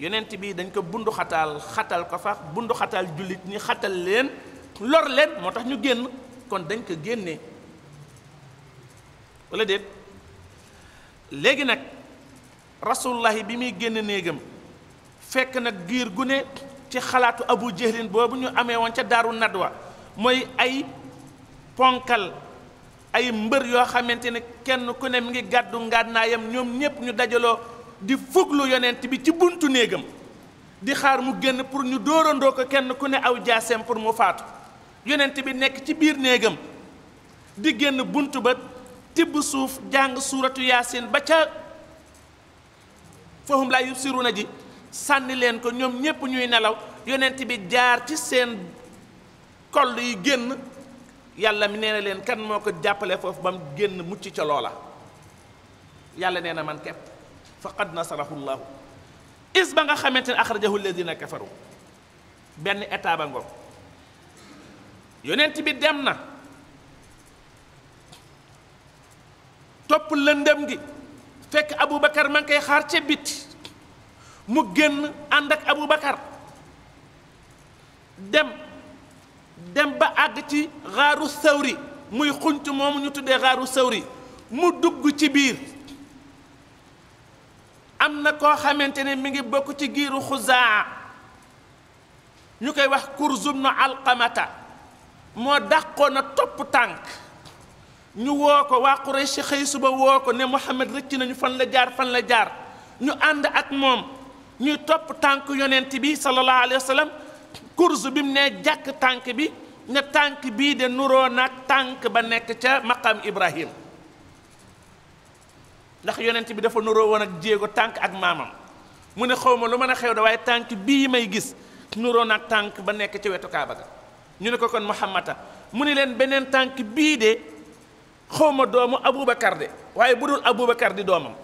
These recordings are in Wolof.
yonent bii dañ ko bundu xatal ko fa bundu xataal jullit ñi xatal leen lor leen moo tax ñu génn kon dañ ko génne wala déet léegi nag rasulullahi bi muy génn néegam fekk nag giir gu ne ci xalaatu abu jahlin boobu ñu amee woon ca daaru wa mooy ay ponkal ay mbër yoo xamante ne kenn ku ne mu ngi gàddu ngànnaayam ñoom ñépp ñu dajaloo di fuglu yonent bi ci buntu néegam di xaar mu génn pour ñu dóorandoo ko kenn ku ne aw jaaseem pour mu faatu yonent bi nekk ci biir néegam di génn buntu ba tibb suuf jàng suuratu yaasin ba ca fahum siru na ji sànni leen ko ñoom ñépp ñuy nelaw yonent bi jaar ci seen kol yi génn yàlla mi nee na leen kan moo ko jàppale foofu ba mu génn mucc ca loola yàlla nee na man képp faqad nasarahu llahu is ba nga xamante ne axrajahu alladina kafaru benn état ba ngoog yonent bi dem na topp lëndëm gi fekk Aboubacar ma ngi koy xaar ca bit mu génn ànd ak bakar dem dem ba àgg ci xaaru sëwri muy xunt moomu ñu tuddee xaaru sawri mu dugg ci biir am na koo xamante ne mi ngi bokk ci giiru xuzaa ñu koy wax kurzum na alqamata moo dàqoon a topp tànk ñu woo ko waa Quraysh xëy suba woo ko ne Muhammad rëcc nañu fan la jaar fan la jaar ñu ànd ak moom ñuy topp tànk yonent bi sallallahu alayhi wa sallam kurzu ne jàkk tànk bi ne tànk bii de nuroo nag tànk ba nekk ca maqam Ibrahim ndax yonent bi dafa nuroo woon ak jéego tànk ak maamam mu ne xaw ma lu mën a xew da waaye tànk bii may gis nuroo nag tànk ba nekk ci wetu Kaaba ga ñu ne ko kon Muhammada mu ne leen beneen tànk bii de xawma doomu Aboubacar de waaye bu dul Aboubacar di doomam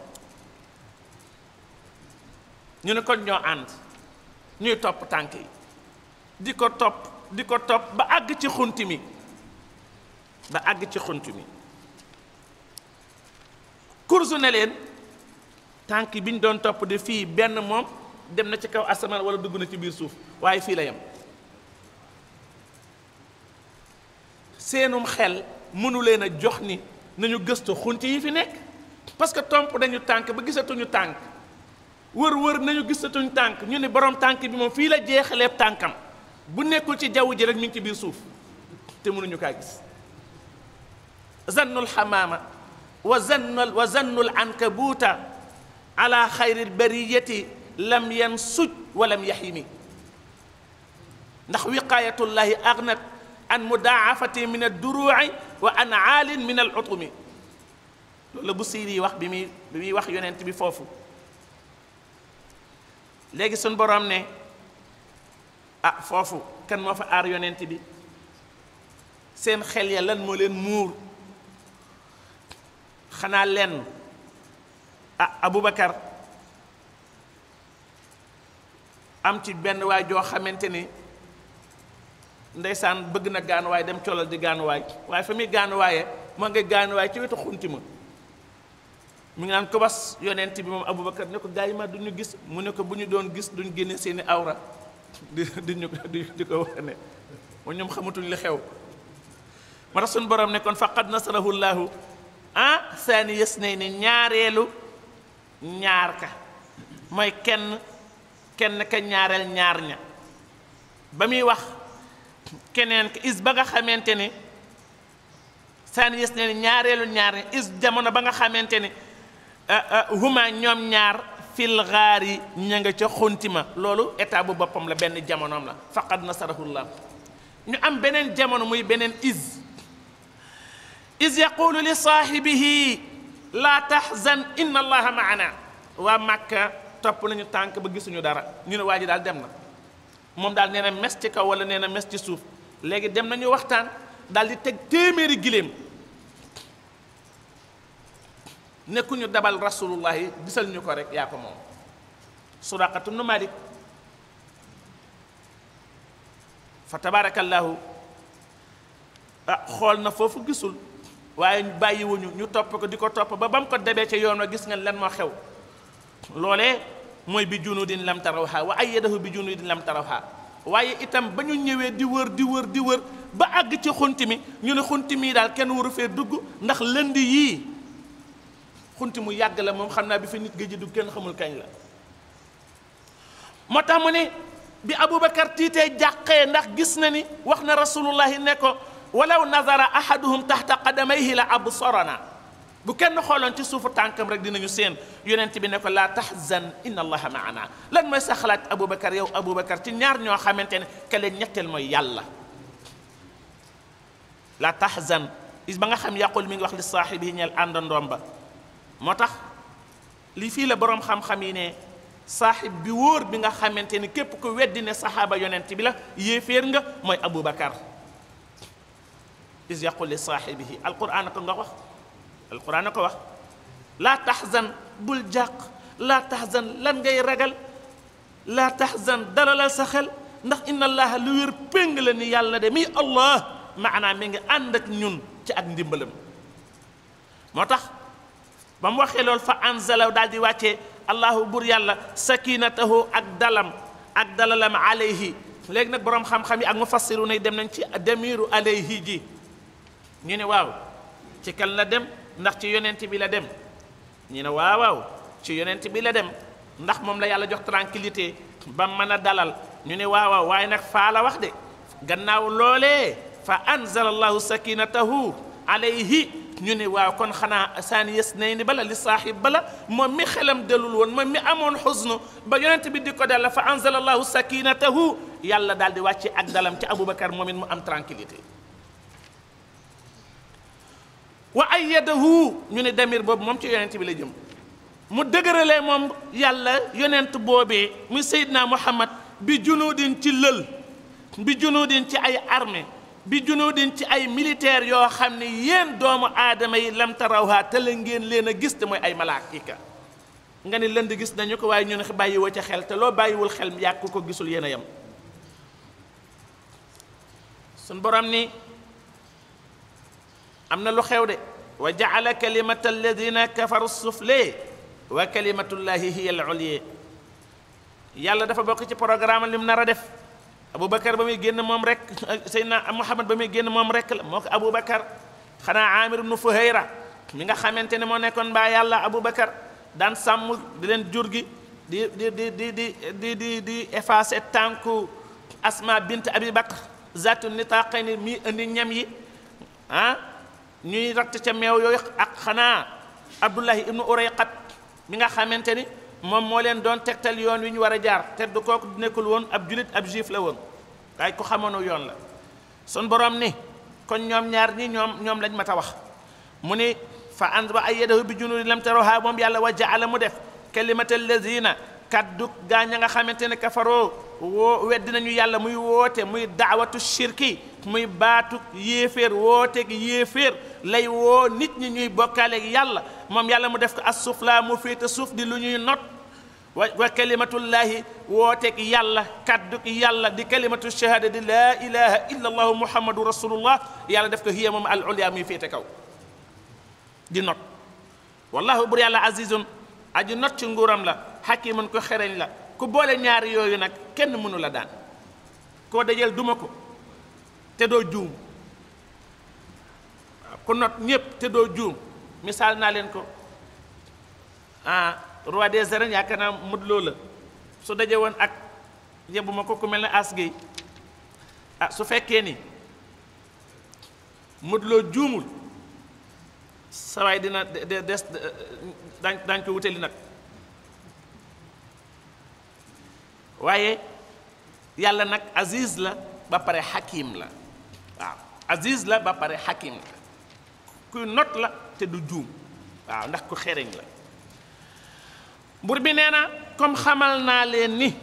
ñu ne kon ñoo ànd ñuy topp tànk yi di ko topp di ko topp ba àgg ci xunt mi ba àgg ci xunt mi kursu ne leen tànk bi ñu doon topp de fii benn moom dem na ci kaw asamaan wala dugg na ci biir suuf waaye fii la yem seenum xel mënu leen a jox ni nañu gëstu xunt yi fi nekk parce que tomp nañu tànk ba gisatuñu tànk wër wër nañu gisatuñu tànk ñu ne borom tànk bi moom fii la jeexaleeb tànkam bu nekkul ci jaww ji rek mi ci biir suuf te mënuñu kaa gis zannul xamaama wa zannal wa zannul ankabuuta ala xayril bariyati lam yan suj walam yaximi ndax wiqaayatullahi agnat an mudaafati min al duruuci min al utumi loolu wax bi muy wax yonent bi foofu léegi suñ boroom ne ah foofu kan moo aar yonent bi seen xel ya lan moo muur xanaa lenn ah Aboubacar am ci benn waay joo xamante ni ndeysaan bëgg na gaanuwaay dem colal di gaanuwaay waaye fa muy gaanuwaaye moo ngi gaanuwaay ci wetu xunti ma mi ngi naan ko yonent bi moom Aboubacar ne ko gars du ñu gis mu ne ko bu ñu doon gis duñ génne seeni awra di di ñu di ko wane moom ñoom xamatuñ li xew ma tax suñu borom ne kon faqad nasarahu llahu ah saani yës ni ñaareelu ñaar ka mooy kenn kenn ka ñaar ña ba muy wax keneen is ba nga xamante ni saani yës nay ni ñaareelu ñaar is jamono ba nga xamante ni ah, ah, huma ñoom ñaar fil xaar yi ña nga ca xunti ma loolu état bu boppam la benn jamonoom la faqat nasarahu llah ñu am beneen jamono muy beneen is is yaqulu li saahibihi laa tahzan inna allaha maana waa màkka topp lañu tànk ba gisuñu dara ñu ne waa ji daal dem na moom daal nee na mes ci kaw wala nee na mes ci suuf léegi dem nañu waxtaan daal di teg téeméeri giléem nekkuñu dabal rasulullahi gisal ñu ko rek yaa ko moom suraqatu nu malik fa tabarakallahu ah xool na foofu gisul waaye bàyyiwuñu ñu topp ko di ko topp ba ba mu ko debee ca yoon wa gis nga lan moo xew loolee mooy bi junudin lam tarawha wa ayyadahu bi junudin lam tarawha waaye itam ba ñu ñëwee di wër di wër di wër ba àgg ci xunti mi ñu ne xunti mii daal kenn waru fee dugg ndax lënd yii xunti mu yàgg la moom xam naa bi fi nit gëj a dugg kenn xamul kañ la moo tax mu ne bi Aboubacar tiitee jàqee ndax gis na ni wax na rasulullahi ne ko walaw nazara tax taxta qadamayhi la absarana bu kenn xooloon ci suufu tànkam rek dinañu seen yonent bi ne ko laa tahzan inna allaha maana lan mooy sa xalaat aboubacar yow aboubacar ci ñaar ñoo xamante ne ke ñetteel mooy yàlla la tahzan ba nga xam yàqul mi ngi wax li saaxibi yi àndandoom ba moo tax li fii la boroom xam-xam yi ne saaxib bi wóor bi nga xamante ne képp ku weddi ne saxaaba yonent bi la yéeféer nga mooy aboubacar is yaqul li saaxibihi alquran ko nga wax alquran na ko wax taxzan bul jàq laa taxzan lan ngay ragal laa taxzan dalalal sa xel ndax inna allaha lu wér péng ni yàlla de mi allah maanaa mi ngi ànd ak ñun ci ak ndimbalam moo tax ba mu waxee loolu fa anzala daal di wàccee allahu bur yàlla sakinatahu ak dalam ak dalalam alayhi léegi nag boroom xam-xam yi ak mufassiru nay dem nañ ci demiru ji ñu ne waaw ci kan la dem ndax ci yonent bi la dem ñu ne waaw waaw ci yonent bi la dem ndax moom la yàlla jox tranquillité bam mën a dalal ñu ne waaw waaye nag faa la wax de gannaaw loole fa anzala allahu sakinatahu alayhi ñu ne waaw kon xanaa saan yes nay ni bala li saaxib bala moom mi xelam delul woon moom mi amoon xusnu ba yonent bi di ko dal fa anzala allahu sakinatahu yàlla daal di wàcce ak dalam ci aboubacar moom it mu am tranquillité waa wa ayyadahu ñu ne damir boobu moom ci yonent bi la jëm mu dëgëralee moom yàlla yonent boobee mu muy Seydina Muhammad bi junuudin ci lël bi junuudin ci ay armée bi junuudin ci ay militaires yoo xam ne yéen doomu aadama yi lam tarawha te la ngeen leen a gis te mooy ay malaaka nga ni lënd gis nañu ko waaye ñun bàyyiwoo ca xel te loo bàyyiwul xel yàq ko gisul yéen a yem sun borom ni am na lu xew de wa jaala kalimata alladina kafaru sufle wa kalimatullahi dafa bokk ci programme li mu nar a def aboubacar ba muy génn moom rek seydna muhammad ba muy génn moom rek la moo ko bakar xanaa amir ibnu fuhayra mi nga xamante ne moo nekkoon mbaa yàlla aboubacar daan sàmm di leen jur gi di di di di di di di di effacé asma bint abi bakr zatu nitaqayni mi indi ñam yi ah ñuy ratt ca meew yooyu ak xanaa abdullahi ibnu urayqat mi nga xamante ni moom moo leen doon tegtal yoon wi ñu war a jaar te du tedd kooku nekkul woon ab julit ab juif la woon waaye ku xamoonu yoon la sun borom ni kon ñoom ñaar ñi ñoom ñoom lañ mat a wax mu ni fa and ba ay yadahu bi junudi lam tarawha moom yàlla wa jaala mu def kalimata na kaddu gaañ a nga xamante ne kafaroo woo weddi nañu yàlla muy woote muy daawatu shirki muy baatu yéeféer woote gi lay woo nit ñi ñuy bokkaaleeg yàlla moom yàlla mu def ko as suuf laa mu féete suuf di lu ñuy not wa wa kalimatullaahi yàlla kàddug yàlla di kalimatu shahaada di laa ilaha illa allahu muhammadu rasulullah yàlla def ko hiya moom al ulya muy féete kaw di not wallahu bur yàlla azizun aji not ci nguuram la xakimun ko xereñ la ku boole ñaari yooyu nag kenn mënula la daan koo dajeel duma ko te doo juum waaw ku not ñépp te doo juum misaal naa leen ko ah roi des arènes yaakaar naa Modou la su dajee woon ak yebbu ma ko ku mel ne asgey ah su fekkee ni Modou Lo juumul sawaay dina des daañ ko wutali nag waaye yàlla nag aziz la ba pare xakim la waaw aziz la ba pare xakim la kuy not la te du juum waaw ndax ku xereñ la buur bi nee na comme xamal naa leen ni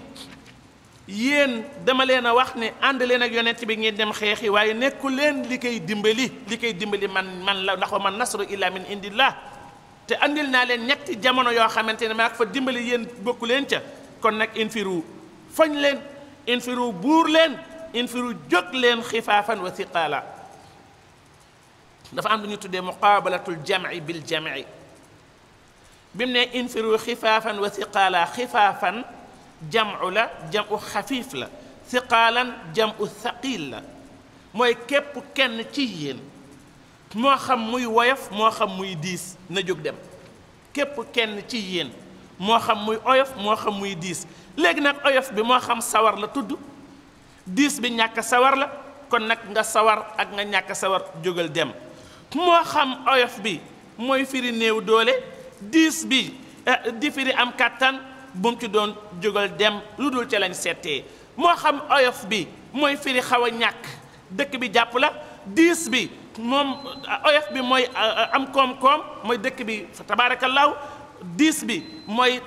yéen dama leen a wax ne ànd leen ak yonent bi ngeen dem xeexi waaye nekku leen li koy dimbali li koy dimbali man man la ndax wa man nasru illa min indillah te andil naa leen ñetti jamono yoo xamante ne maa ko fa dimbali yéen bokku leen ca kon nag infiru fañ leen infiru buur leen infiru jóg leen xifaafan wa siqaala dafa am lu ñu tuddee muqaabalatul jamci bil jamci bi mu ne infiru xifaafan wa siqaala xifaafan jamcu la jamcu xafiif la siqaalan jamcu saqiil la mooy képp kenn ci yéen moo xam muy woyof moo xam muy diis na jóg dem képp kenn ci yéen moo xam muy oyof moo xam muy diis léegi nag oyof bi moo xam sawar la tudd diis bi ñàkk sawar la kon nag nga sawar ak nga ñàkk sawar jógal dem moo xam oyof bi mooy firi néew doole diis bi eh, di am kàttan bu mu doon jógal dem lu dul ca lañ settee moo xam oyof bi mooy firi xaw a ñàkk dëkk bi jàpp la diis bi moom oyof bi mooy eh, eh, am koom-koom mooy dëkk bi fa law diis bi mooy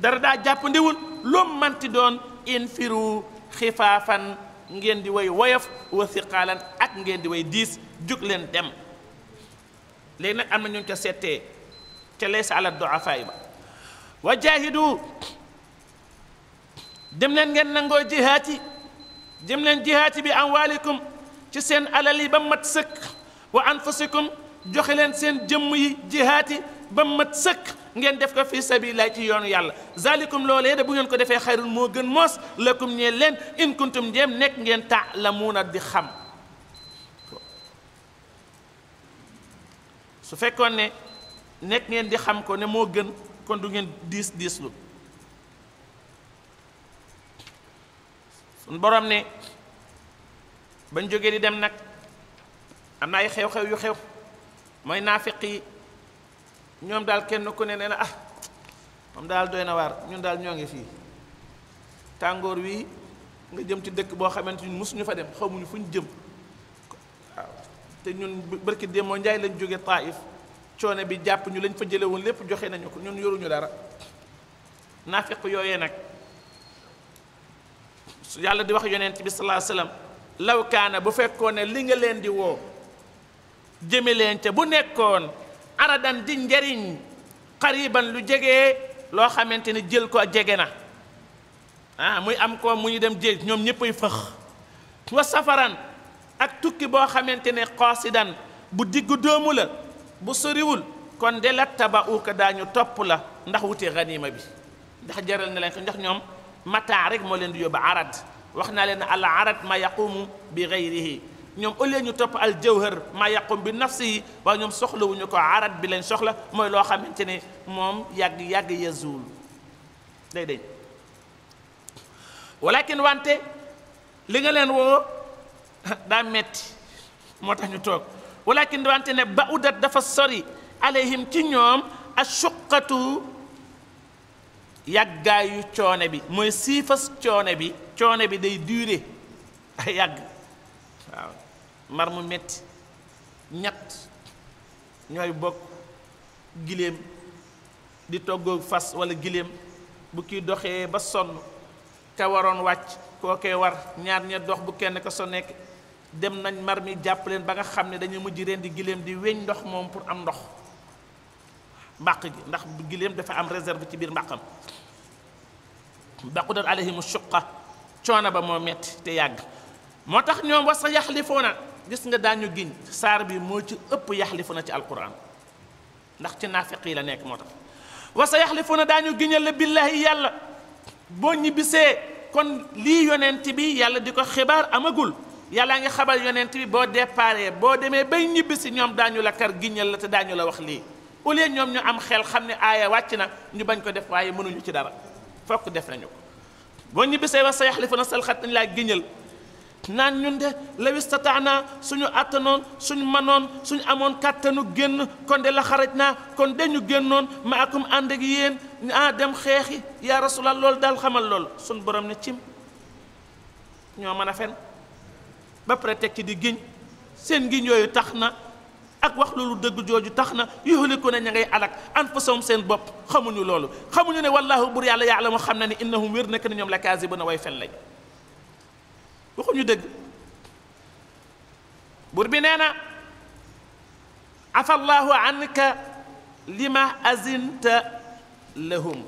dara daa jàppandiwul lu manti doon infiru xifaafan ngeen di way woyof wa ak ngeen di way diis jug leen dem léegi nag am na ca settee ca laysa ala leen ngeen nangoo jihaati dem leen jihaati bi amwaalikum ci seen alal yi ba mat sëkk wa anfusikum joxe leen seen jëmm yi jihaati ba mat sëkk ngeen def ko fi sabilillahi ci yoonu yàlla zalikum loolee de bu ngeen ko defee xayrun moo gën moos lakum ñee leen in kuntum jéem nekk ngeen la a di xam su fekkoon ne nekk ngeen di xam ko ne moo gën kon du ngeen diis diislu suñ borom ne bañ jógee di dem nag am na ay xew-xew yu xew mooy naafiq ñoom daal kenn ku ne nee na ah moom daal doy na waar ñun daal ñoo ngi fii tàngoor wi nga jëm ci dëkk boo xamante ni mosuñu fa dem xamuñu fu ñu jëm te ñun barki démb Njaay lañ jóge Taif coone bi jàpp ñu lañ fa jële woon lépp joxe nañu ko ñun yoruñu dara naafiq yooye nag yàlla di wax yonent bi salaa salaam law kaana bu fekkoon ne li nga leen di woo jëme leen ca bu nekkoon aradan di njariñ xariban lu jege loo xamante ne jël ko jege na ah muy am ko mu ñu dem jéeg ñoom ñëppay fëx wa safaran ak tukki boo xamante ne xaasidan bu diggu doomu la bu soriwul kon de la taba uka daañu topp la ndax wute ganima bi ndax jaral na leen ko ndax ñoom mataa rek moo leen di yóbbu arad wax naa leen al arad ma yaqumu bi gayrihi ñoom au ñu topp al jawhar maa yaqum bi nafsi yi waaye ñoom soxlawuñu ko arat bi leen soxla mooy loo xamante ne moom yàgg yàgg yazul day dañ walakin wante li nga leen woo daa metti moo tax ñu toog walakin wante ne ba udat dafa sori alayhim ci ñoom a ashuqatu yàggaayu coone bi mooy siifas coone bi coone bi day dure ay yàgg mar mu metti ñett ñooy bokk giléem di toggoo fas wala giléem bu kiy doxee ba sonn ka waroon wàcc kookee war ñaar ña dox bu kenn ko so nekk dem nañ mar mi jàpp leen ba nga xam ne dañuy mujj ren di giléem di weñ ndox moom pour am ndox mbàq gi ndax giléem dafa am réserve ci biir mbàqam baqudat alayhimu shuqqa coono ba moo metti te yàgg moo tax ñoom wa sa yaxlifuuna gis nga daañu giñ saar bi moo ci ëpp na ci alquran ndax ci naafiq yi la nekk moo tax wa sa yaxlifuna daañu giñal la billahi yàlla boo ñibbisee kon lii yonent bi yàlla di ko xibaar amagul yàllaa ngi xabal yonent bi boo déparé boo demee bay ñibbisi ñoom daañu la kar giñal la te daañu la wax lii au ñoom ñu am xel xam ne aaya wàcc na ñu bañ ko def waaye mënuñu ci dara fokk def nañu ko boo ñibbisee wa sa yaxlifuna salxat dañ laa giñal naan ñun de lawis tataana suñu àttanoon suñu manoon suñu amoon kàttanu génn kon de la xaraj naa kon de ñu génnoon ma akum ànd ak yéen ah dem xeexi yaa rasulallah lool daal xamal lool suñ borom ne cim ñoo man a fen ba prétexte di giñ seen giñ yooyu tax na ak wax loolu dëgg jooju tax na yuhliku na ña ngay alak anfusahum seen bopp xamuñu loolu xamuñu ne wallaahu bur yàlla ya'lamu xam na ne innahum wér nekk na ñoom la kaasibuna way fen lañ waxuñu dëgg buur bi nee na afa allahu anka lima azinta lahum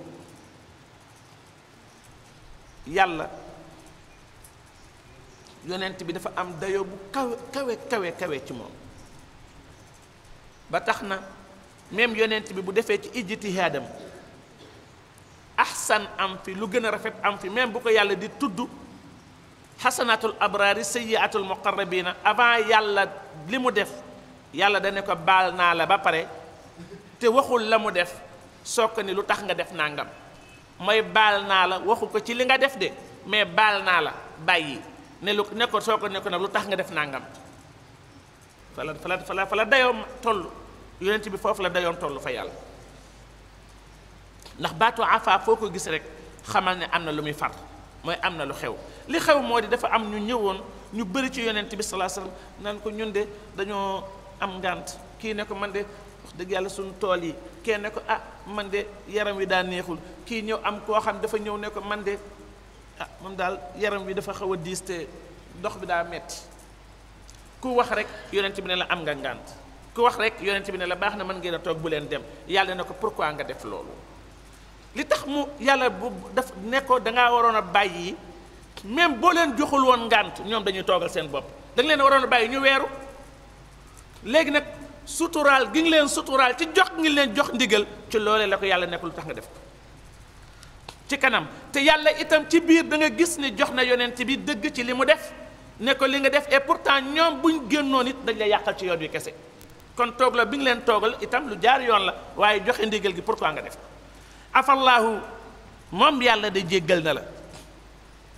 yàlla yonent bi dafa am dayoo bu kawe kawe kawe kawe ci moom ba tax na même yonent bi bu defee ci ijtihaadam ahsan am fi lu gën a rafet am fi même bu ko yàlla di tudd xasanatul abraari sayyiatul muqarrabina avant yàlla li mu def yàlla ne ko baal naa la ba pare te waxul la mu def soo ko ni lu tax nga def nangam mooy baal naa la waxu ko ci li nga def de mais baal naa la bàyyi ne lu ne ko soo ko ne nag lu tax nga def nangam fala fala fala fala dayoom toll yonent bi foofu la dayoon toll fa yàlla ndax baatu afa foo ko gis rek xamal ne am na lu muy far mooy am na lu xew li xew moo di dafa am ñu ñëwoon ñu bëri ci yonent bi salaa nan ko ñun de dañoo am ngànt kii ne ko man de wax dëgg yàlla suñu tool yi kenn ne ko ah man de yaram wi daa neexul kii ñëw am koo xam dafa ñëw ne ko man de ah moom daal yaram wi dafa xaw a diis te dox bi daa metti ku wax rek yonent bi ne la am nga ngànt ku wax rek yonent bi ne la baax na man ngeen a toog bu leen dem yàlla ne ko pour pourquoi nga def loolu li tax mu yàlla bu daf nekkoo ko da ngaa waroon a bàyyi même boo leen joxul woon ngànt ñoom dañuy toogal seen bopp da nga leen waroon bàyyi ñu weeru léegi nag suturaal gi ngi leen suturaal ci jox ngi leen jox ndigal ci loolee la ko yàlla nekkul lu tax nga def ko ci kanam te yàlla itam ci biir da nga gis ni jox na yonent bi dëgg ci li mu def ne li nga def e pourtant ñoom bu ñu génnoon it dañ la yàqal ci yoon wi kese kon toog la bi nga leen toogal itam lu jaar yoon la waaye joxe ndigal gi pourquoi nga def afallaahu moom yàlla de jéggal na la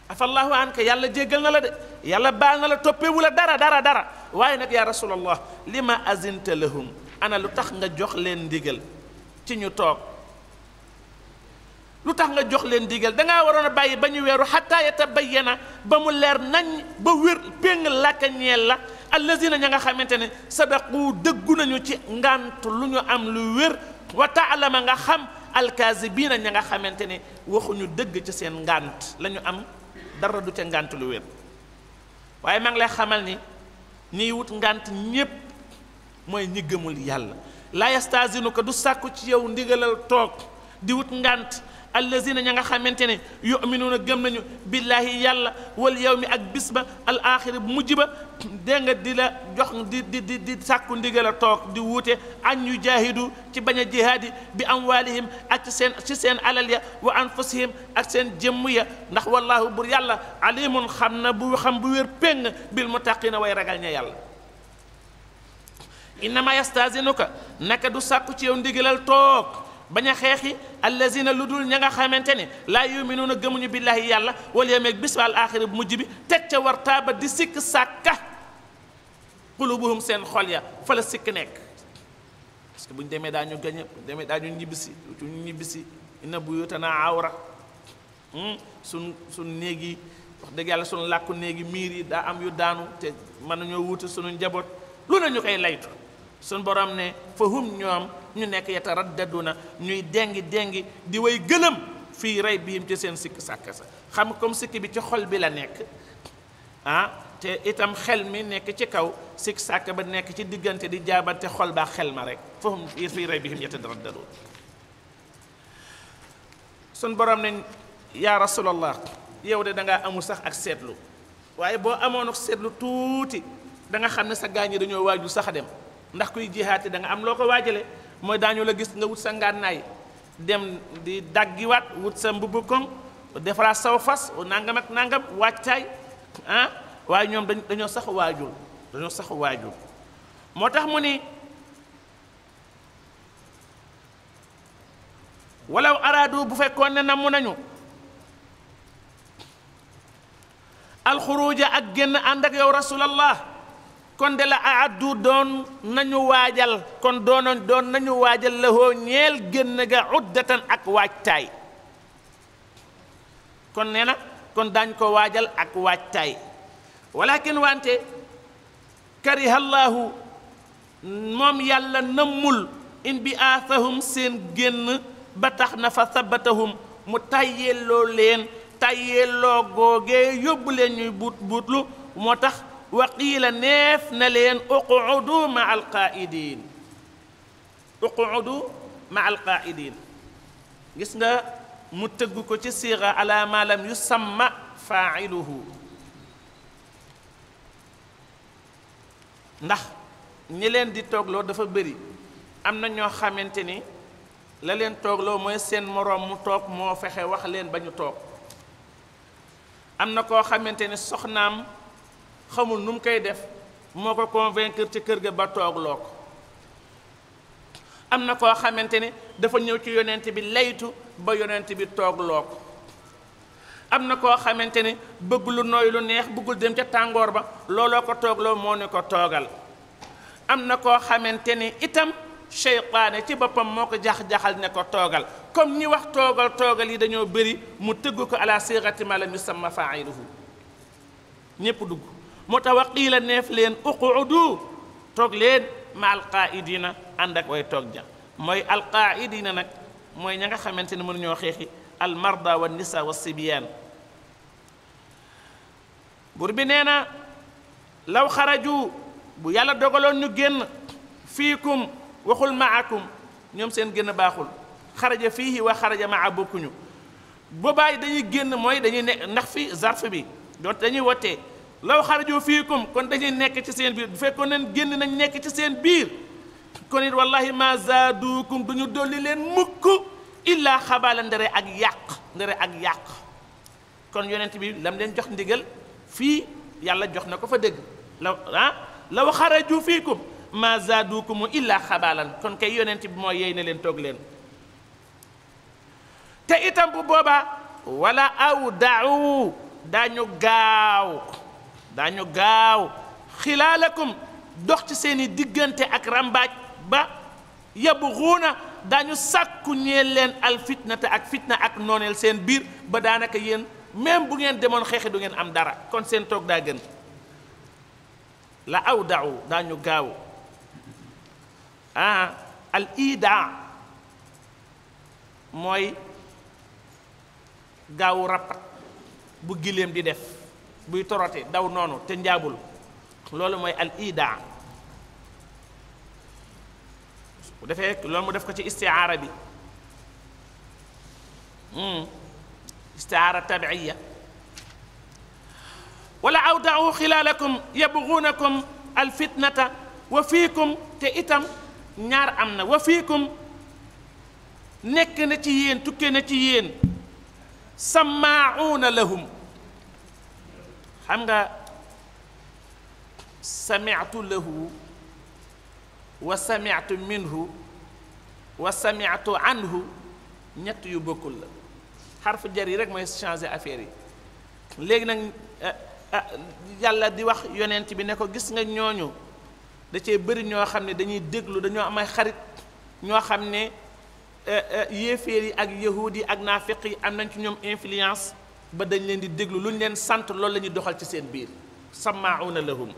afallaahu an ka yàlla jéggal na la de yàlla baal na la toppewu la dara dara dara waaye nag yaa rasulallah li ma azinta lahum ana lu tax nga jox leen ndigal ci ñu toog lu tax nga jox leen ndigal dangaa waroon a bàyyi ba ñu weeru xataa yatabayyana ba mu leer nañ ba wér péng làkk ñeel la allazina ña nga xamante ne sadaqu dëggu nañu ci ngant lu ñu am lu wér wa nga xam bii alkaasibiina ña nga xamante ne waxuñu dëgg ca seen ngànt lañu am dara du ca ngànt lu wér waaye maa ngi lay xamal ni ñiy wut ngant ñépp mooy ñi gëmul yàlla la yastazinu ko du sàkku ci yow ndigalal toog di wut ngànt allazina ña nga xamante ne yuminuuna gëm nañu billaahi yàlla wal yow mi ak bis ba al axiri bu mujj ba dégg nga di la jox di di di sàkku ndigal a toog di wuute an yu jaahidu ci bañ a jihaadi bi amwaalihim ak ci seen ci seen alal ya wa anfusihim ak seen jëmm ya ndax wallaahu bur yàlla alimun xam na bu xam bu wér péng bil muttaqina way ragal ña yàlla innama yastazinuka naka du sàkku ci yow ndigalal toog bañ a xeexi allazina lu dul ña nga xamante ne laa yuminuuna gëmuñu billaahi yàlla wal yameeg bis ba al bu mujj bi teg ca war taaba di sikk sàkka qulubuhum seen xol ya fa la sikk nekk parce que bu ñu demee daañu gañe bu ñu demee daañu ñibbisi ñu ñibbisi inna buyutana awra suñ hmm? suñ néeg yi wax dëgg yàlla suñu làkku néegi miir yi daa am yu daanu te mën nañoo wuute suñu njaboot lu nañu ñu koy laytu suñ borom ne fa hum ñoom ñu nekk na ñuy dengi dengi di way gëlëm fii rey biim ci seen sikk sàkk sa xam comme sikk bi ci xol bi la nekk ah te itam xel mi nekk ci kaw sikk sàkk ba nekk ci diggante di jaabante xol baa xel ma rek fahum fii rey bihim yataraddadun sun borom ne yaa rasulallah yow de da ngaa amul sax ak seetlu waaye boo amoon ak seetlu tuuti da nga xam ne sa gaañ yi dañoo waaju sax a dem ndax kuy jihaati da nga am loo ko waajale mooy daañu la gis nga wut sa ngànnaay dem di daggiwaat wut sa mbubb koŋ defaraat saw fas nangam ak nangam waajtaay ah waaye ñoom dañoo sax waajul dañoo sax moo tax mu ni walaw araadu bu fekkoon ne namm nañu alxuruja ak génn ànd ak yow rasulallah kon de a aaddu doon nañu waajal kon doona doon nañu waajal la hoo ñeel génn ga uddatan ak waajtaay kon nee na kon daañ ko waajal ak waajtaay walakin wante kariha llaahu moom yàlla nëmmul in bi aasahum seen génn ba tax na fa sabatahum mu tàyyeeloo leen tàyyeeloo googee yóbbu leen ñuy buut buutlu moo tax wa qiila neef na leen uqudu ma alqaaidiin uqudu ma alqaaidiin gis nga mu tëgg ko ci siixa ala ma lam yusamma faailuhu ndax ñi leen di toogloo dafa bëri am na ñoo xamante ni la leen toogloo mooy seen moroom mu toog moo fexe wax leen ba ñu toog am na koo xamante ni soxnaam xamul nu mu koy def moo ko convaincre ci kër ga ba toog loo ko am na koo xamante ne dafa ñëw ci yonent bi laytu ba yonent bi toog loo ko am na koo xamante ne bëggul nooyu lu neex bëggul dem ca tàngoor ba looloo ko toogloo moo ne ko toogal am na koo xamante ne itam seytaane ci boppam moo ko jax-jaxal ne ko toogal comme ñi wax toogal toogal yi dañoo bëri mu tëgg ko ala sirati ma lam yusamma failuhu ñépp dugg moo tax wa qiila neef leen uqudu toog leen ma alqaidina ànd ak way toog ja mooy alqaidina nag mooy ña nga xamante ne mënuñoo xeexi almarda wa nisa wa sibiyaan bur bi nee na law xaraju bu yàlla dogaloon ñu génn fiikum waxul maakum ñoom seen génn baaxul xaraja fiihi wa xaraja maa bokkuñu boobaay dañuy génn mooy dañuy ne ndax fi zarf bi donc dañuy wootee law xaraju fiikum kon dañuy nekk ci seen biir bu fekkoon ne génn nañ nekk ci seen biir kon it wallahi ma zaadukum du ñu dolli leen mukk illaa xabaala ndere ak yàq ndere ak yàq kon yonent bi lam leen jox ndigal fii yàlla jox na ko fa dëgg law ah law xaraju fiikum ma zaadukum illaa xabaalan kon kay yonent bi moo yey na leen toog leen te itam bu booba wala aw daaw daañu gaaw daañu gaaw xilaalakum dox ci seeni diggante ak ràmbaaj ba yabxuuna daañu sàkku ñeel leen al fitnata ak fitna ak nooneel seen biir ba daanaka yéen même bu ngeen demoon xeexi du ngeen am dara kon seen toog daa gën la aw daaw daañu gaaw ah al idaa mooy gaawu rappat bu giléem di def buy torote daw noonu te njaabul loolu mooy al ida bu defee loolu mu def ko ci istiaara bi hmm. istiaara tabiiya wala awdau xilaalakum yabguunakum alfitnata wa fiikum te itam ñaar am na wa fiikum nekk na ci yéen tukke na ci yéen sammaauuna lahum xam nga sami'tu lahu wa sami'tu minhu wa sami'tu anhu ñett yu bokkul la xarfu jar yi rek mooy changer affaire yi léegi nag eh, eh, yàlla di wax yonent bi ne ko gis nga ñooñu da cee bëri ñoo xam ne dañuy déglu dañoo am ay xarit ñoo xam ne eh, yéeféer yi ak yahuud yi ak naafiq yi am nañ ci ñoom influence ba dañu leen di déglu lu ñu leen sant loolu la ñuy doxal ci seen biir samaa'una lahum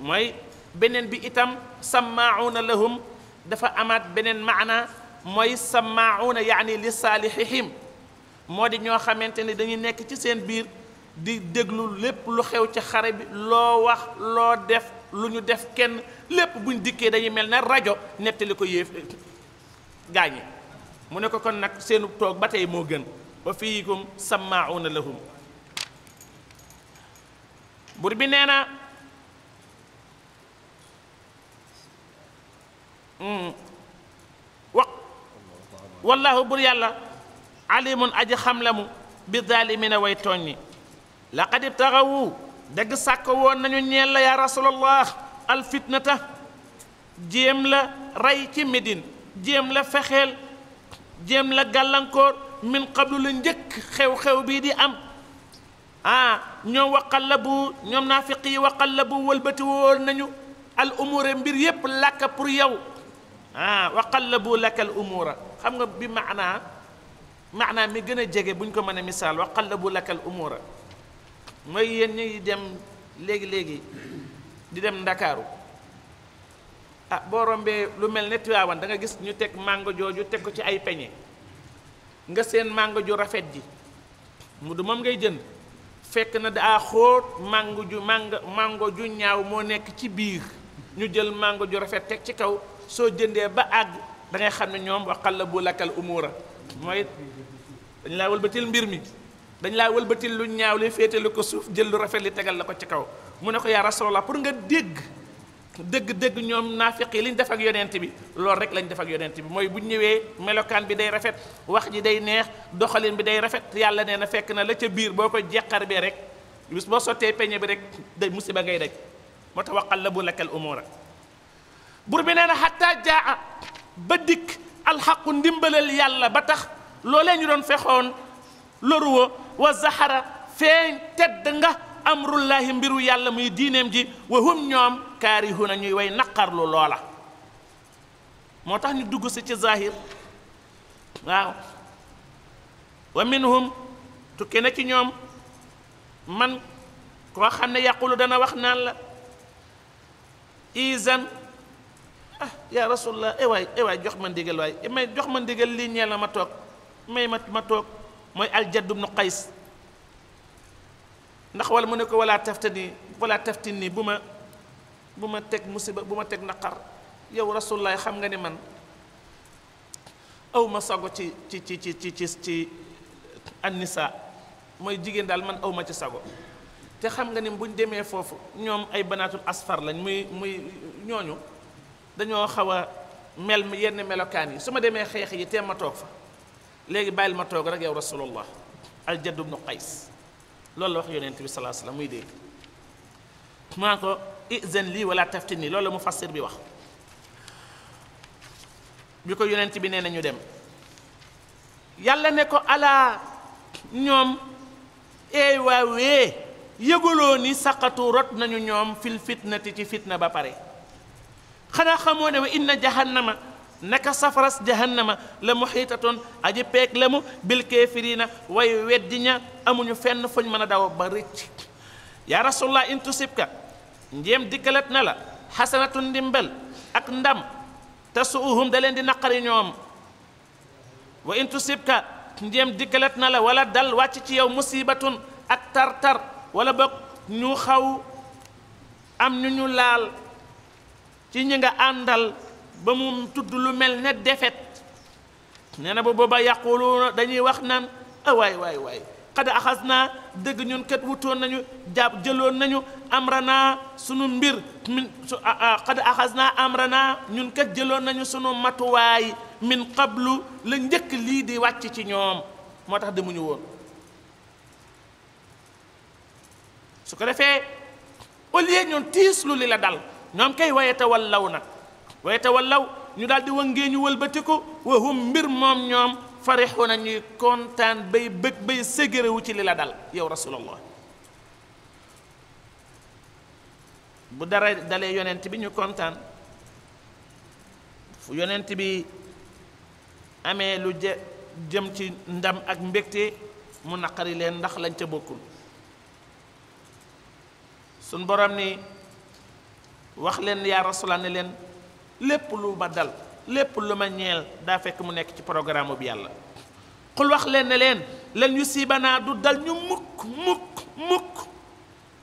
mooy beneen bi itam samaa'una lahum dafa amaat beneen maana mooy samaa'una yaani li saalihihim moo di ñoo xamante ne dañuy nekk ci seen biir di déglu lépp lu xew ci xare bi loo wax loo def lu ñu def kenn lépp buñ dikkee dañuy mel na rajo nettali ko yéef gaañe mu ne ko kon nag seenu toog ba tey moo gën wa fiikum sammaauna lahum bur bi nee na mm, wa wallaahu bur yàlla alimun aji xam la mu bi zaalimina way tooñ ni laqad ibtaxawu dëgg sàkk woon nañu ñeel la yaa rasulallah alfitnata jéem la rey ci Médine jéem la fexeel jéem la gàllankoor min qablu la njëkk xew-xew bii di am ah ñoom waqallabu ñoom naafiq yi waqallabu wëlbati woon nañu al umura mbir yépp làkka pour yow ah waqallabu laka al umura xam nga bi maanaa maanaa mi gën a jege bu ñu ko mën a misaal waqallabu laka al umura mooy yéen ñu ngi dem léegi-léegi di dem ndakaaru ah boo rombee lu mel ne Tiwaawan da nga gis ñu teg màngo jooju teg ko ci ay peñe nga seen màngo ju rafet ji mu du moom ngay jënd fekk na daa xóot màngo ju màngo màngo ju ñaaw moo nekk ci biir ñu jël màngo ju rafet teg ci kaw soo jëndee ba àgg dangay xam ne ñoom waxal la bu lakkal umuura mooy dañ laa wëlbatil mbir mi dañ laa wëlbatil lu ñaaw li féete ko suuf jël lu rafet li tegal la ko ci kaw mu ne ko yaa rasulallah pour nga dégg dëgg-dëgg ñoom naafiq yi li ñu def ak yonent bi loolu rek lañ def ak yonent bi mooy bu ñëwee melokaan bi day rafet wax ji day neex doxalin bi day rafet yàlla nee na fekk na la ca biir boo ko jeqar bee rek bis boo sottee peñe bi rek day musiba ngay daj moo tax waqal la bu lakkal umura bur bi nee na xataa jaa ba dikk alxaqu ndimbalal yàlla ba tax loolee ñu doon fexoon loruwa wa zahara feeñ tedd nga amrullahi mbiru yàlla muy diineem ji wa ñoom kaarihuna ñuy way naqarlu loola moo tax ñu dugg si ci zahir waaw wa minhum tukki na ci ñoom man koo xam ne yaqulu dana wax naan la isan ah yaa rasulullah ewaay eh ewaay eh jox ma ndigal waay eh, may jox ma ndigal lii ñeel na ma toog may ma ma toog mooy aljadd ibnu qays ndax wala mu ne ko wala taftani wala taftini bu ma bu ma teg musiba bu ma teg naqar yow rasulaay xam nga ni man awma sago ci ci ci ci ci ci ci annisa mooy jigéen daal man awma ci sago te xam nga ni buñ demee foofu ñoom ay banaatul asfar lañ muy muy ñooñu dañoo xaw a mel yenn melokaan yi su ma demee xeex yi tee ma toog fa léegi bàyyil ma toog rek yow rasulullah al jadd ibnu qays loolu la wax yonent bi salaa muy dégg maa ko izan lii wala taftinii loolu mu fassir bi wax bi ko yonent bi nee nañu dem yàlla ne ko alaa ñoom eey waawee yëgaloo ni saqatu rot nañu ñoom fil fitnati ci fitna ba pare xanaa xamoo ne wa inna jahannama naka safara jahannama la muxiitatun aji peeg la mu bil kaafiriina way weddi ña amuñu fenn fuñ mën a daw ba rëcc yaa rasulallah in tusibka njéem dikkalat na la xasanatu ndimbal ak ndam te da leen di naqari ñoom wa in tusibka njéem dikkalat na la wala dal wàcc ci yow musibatun ak tar-tar wala boog ñu xaw am ñu ñu laal ci ñi nga àndal ba mu tudd lu mel ne defet nee na bu booba yaquluuna dañuy wax nan a waay waay waay xad axas naa dëgg ñun kat wutoon nañu jàpp jëloon nañu amranaa sunu mbir min xad axas naa amranaa ñun kat jëloon nañu sunu matuwaay min qablu la njëkk lii di wàcc ci ñoom moo tax demuñu woon su ko defee au lieu ñun tiislu li la dal ñoom kay wayata wallaw na wayata wallaw ñu daal di wëngee ñu wëlbatiku wa mbir moom ñoom farixuuna ñuy kontaan bay bëgg bay ségéréwu ci li la dal yow rasulallah bu dara dalee yonent bi ñu kontaan fu yonent bi amee lu jë jëm ci ndam ak mbégte mu naqari leen ndax lañ ca bokkul suñ borom ni wax leen yaa rasulallah leen lépp lu ma dal lépp lu ma ñeel daa fekk mu nekk ci programme bi yàlla xul wax leen ne leen leen yu siibanaa du dal ñu mukk mukk mukk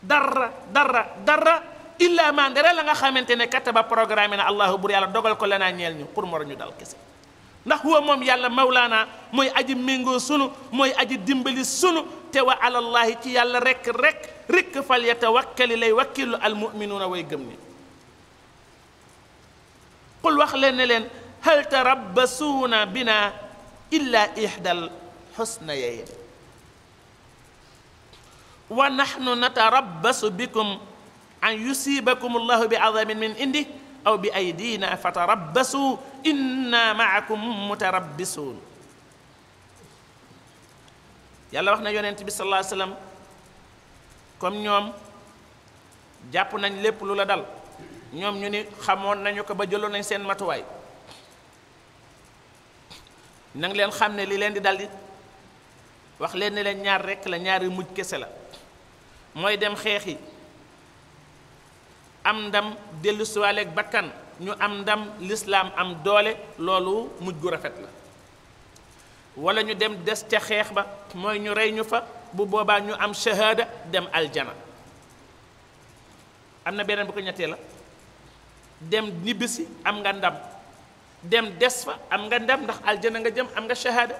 dara dara dara maa ma ndere la nga xamante ne kataba programme na allahu bur yàlla dogal ko lanaa ñeel ñu pour mor ñu dal kese ndax huwa moom yàlla mawlaana mooy aji méngoo sunu mooy aji dimbali sunu te wa alallahi ci yàlla rek rek rekk fal yatawakkali lay wakkilu almuminuuna way gëm ni qul wax leen ne leen hal tarabbasuuna bina illa ihdal xusnayayn wa nahnu natarabbasu bikum an yusibakum allahu bi adamin min indi aw bi aydina fa tarabbasu inna maakum mutarabbisuun yàlla wax na yonent bi sallallahu alayhi wa sallam comme ñoom jàpp nañ lépp lu la dal ñoom ñu ni xamoon nañu ko ba jëloon nañ seen matuwaay nang leen xam ne li leen di daldi wax leen ni leen ñaar rekk la ñaari mujj kese la mooy dem xeex yi am ndam dellu siwaaleeg bakkan ñu am ndam lislaam am doole loolu mujj gu rafet la wala ñu dem des ca xeex ba mooy ñu rey ñu fa bu boobaa ñu am shahada dem aljana am na beneen bu ko ñettee la dem nibbisi am nga ndam dem des fa am nga ndam ndax aljana nga jëm am nga shahada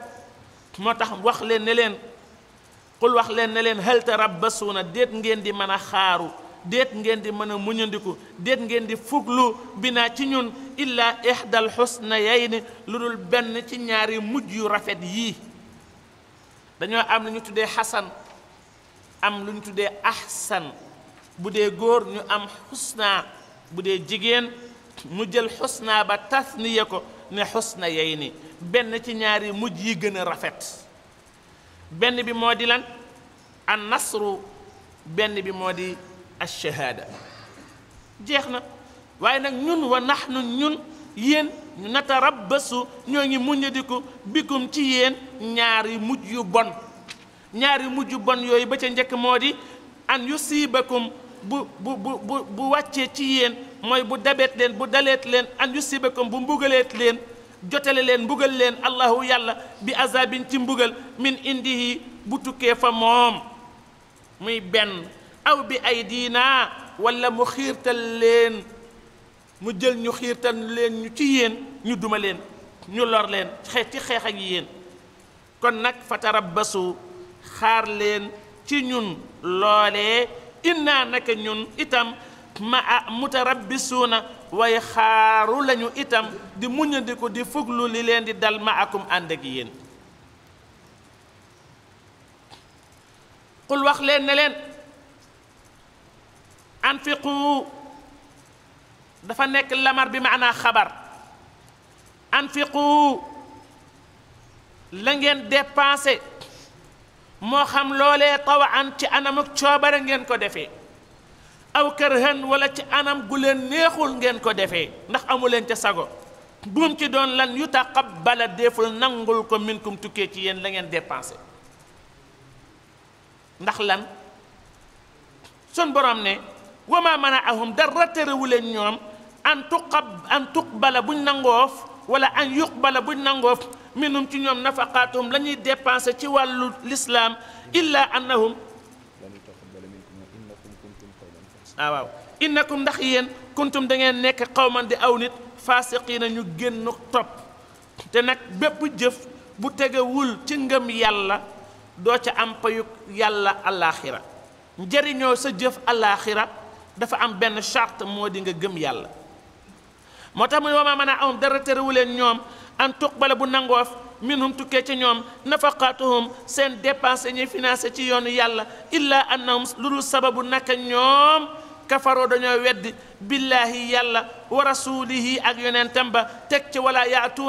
moo tax wax leen ne leen xul wax leen ne leen hal tarabbasuuna déet ngeen di mën a xaaru déet ngeen di mën a muñandiku déet ngeen di fuglu binaa ci ñun illaa ihdal xusna yay ni lu dul benn ci ñaari mujj yu rafet yii dañoo am lu ñu tuddee xasan am lu ñu tuddee ahsan bu dee góor ñu am xusnaa bu dee jigéen mu jël xusnaa ba tas niye ko ne xusna yey ni benn ci ñaari mujj yi gën a rafet benn bi moo di lan an nasru benn bi moo di ash-shahaada jeex na waaye nag ñun wa nahnu ñun yéen ñu natarabbasu ñoo ngi muññadiku bikum ci yeen ñaari mujj yu bon ñaari mujj yu bon yooyu ba ca njëkk moo di an yusiibakum bu bu bu bu wàccee ci yéen mooy bu dabeet leen bu daleet leen an yusibakum bu mbugaleet leen jotale leen mbugal leen allahu yàlla bi azabin ci mbugal min indihi bu tukkee fa moom muy benn aw bi ay diina wala mu xiirtal leen mu jël ñu xiirtal leen ñu ci yéen ñu duma leen ñu lor leen xeex ci xeex ak yéen kon nag basu xaar leen ci ñun loolee innaa naka ñun itam ma a mutarabbisuuna way xaaru lañu itam di muñandiku di fuglu li leen di dal ma akum ànd ak yéen qul wax leen ne leen anfiqu dafa nekk lamar bi maanaa xabar anfiqu la ngeen depaase moo xam loolee tawaan ci anam ak coobare ngeen ko defee aw kërhan wala ci anam gu leen neexul ngeen ko defee ndax amu leen ca sago buum ci doon lan yu bala deful nangul ko minkum tukkee ci yéen la ngeen dépensé ndax lan sun borom ne wama mën a ahum dara terewu leen ñoom an tuqab an bala buñ nangoof wala an yuqbala buñ nangoof minhum ci ñoom nafaqaatuhum lañuy ñuy ci wàllu lislaam illa annahum ah waaw innakum ndax yéen kuntum dangeen ngeen nekk xawman di aw nit faasiqiina ñu génn topp te nag bépp jëf bu tegewul ci ngëm yàlla doo ca am payug yàlla alaaxira njëriñoo sa jëf alaaxira dafa am benn chart moo di nga gëm yàlla moo tax mu ne wa maa mën a am dara terewuleen ñoom an bala bu nangoof minhum tukkee ci ñoom nafaqatuhum seen dépense ñuy financé ci yoon yàlla illaa annahum lu dul sababu naka ñoom kafaroo dañoo weddi billaahi yàlla wa rasuulihi ak yonentam ba teg ci wala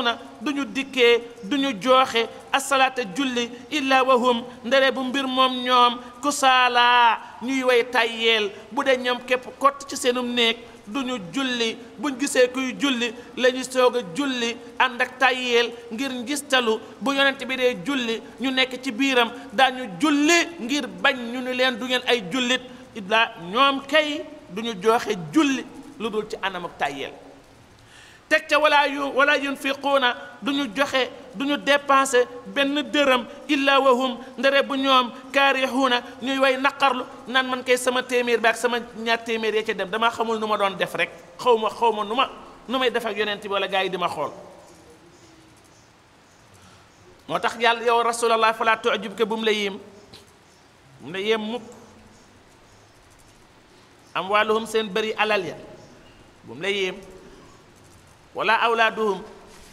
na duñu dikkee duñu jooxe asalaata julli illaa wahum ndere bu mbir moom ñoom kusaalaa ñuy way tayyeel bu dee ñoom képp kott ci seenum néeg duñu julli buñ gisee kuy julli la ñu soog a julli ànd ak tàyyeel ngir ngistalu bu yonent bi dee julli ñu nekk ci biiram dañu julli ngir bañ ñu ni leen du ngeen ay jullit la ñoom kay duñu joxe julli lu dul ci anam ak tàyyeel teg ca walaa yu walaa yunfiquuna duñu joxe du ñu dépensé benn dërëm illa wahum ndare bu ñoom kaarihuuna ñuy way naqarlu naan man kay sama téeméer bi ak sama ñaar téeméer ya ca dem damaa xamul nu ma doon def rek xaw ma xaw ma nu ma nu may def ak yonent bi wala gars yi di ma xool moo tax yàlla yow rasulallah falaa tuujub ke bu mu la yéem bu mu la yéem mukk am wàlluhum seen bëri alal ya bu mu la yéem wala awlaaduhum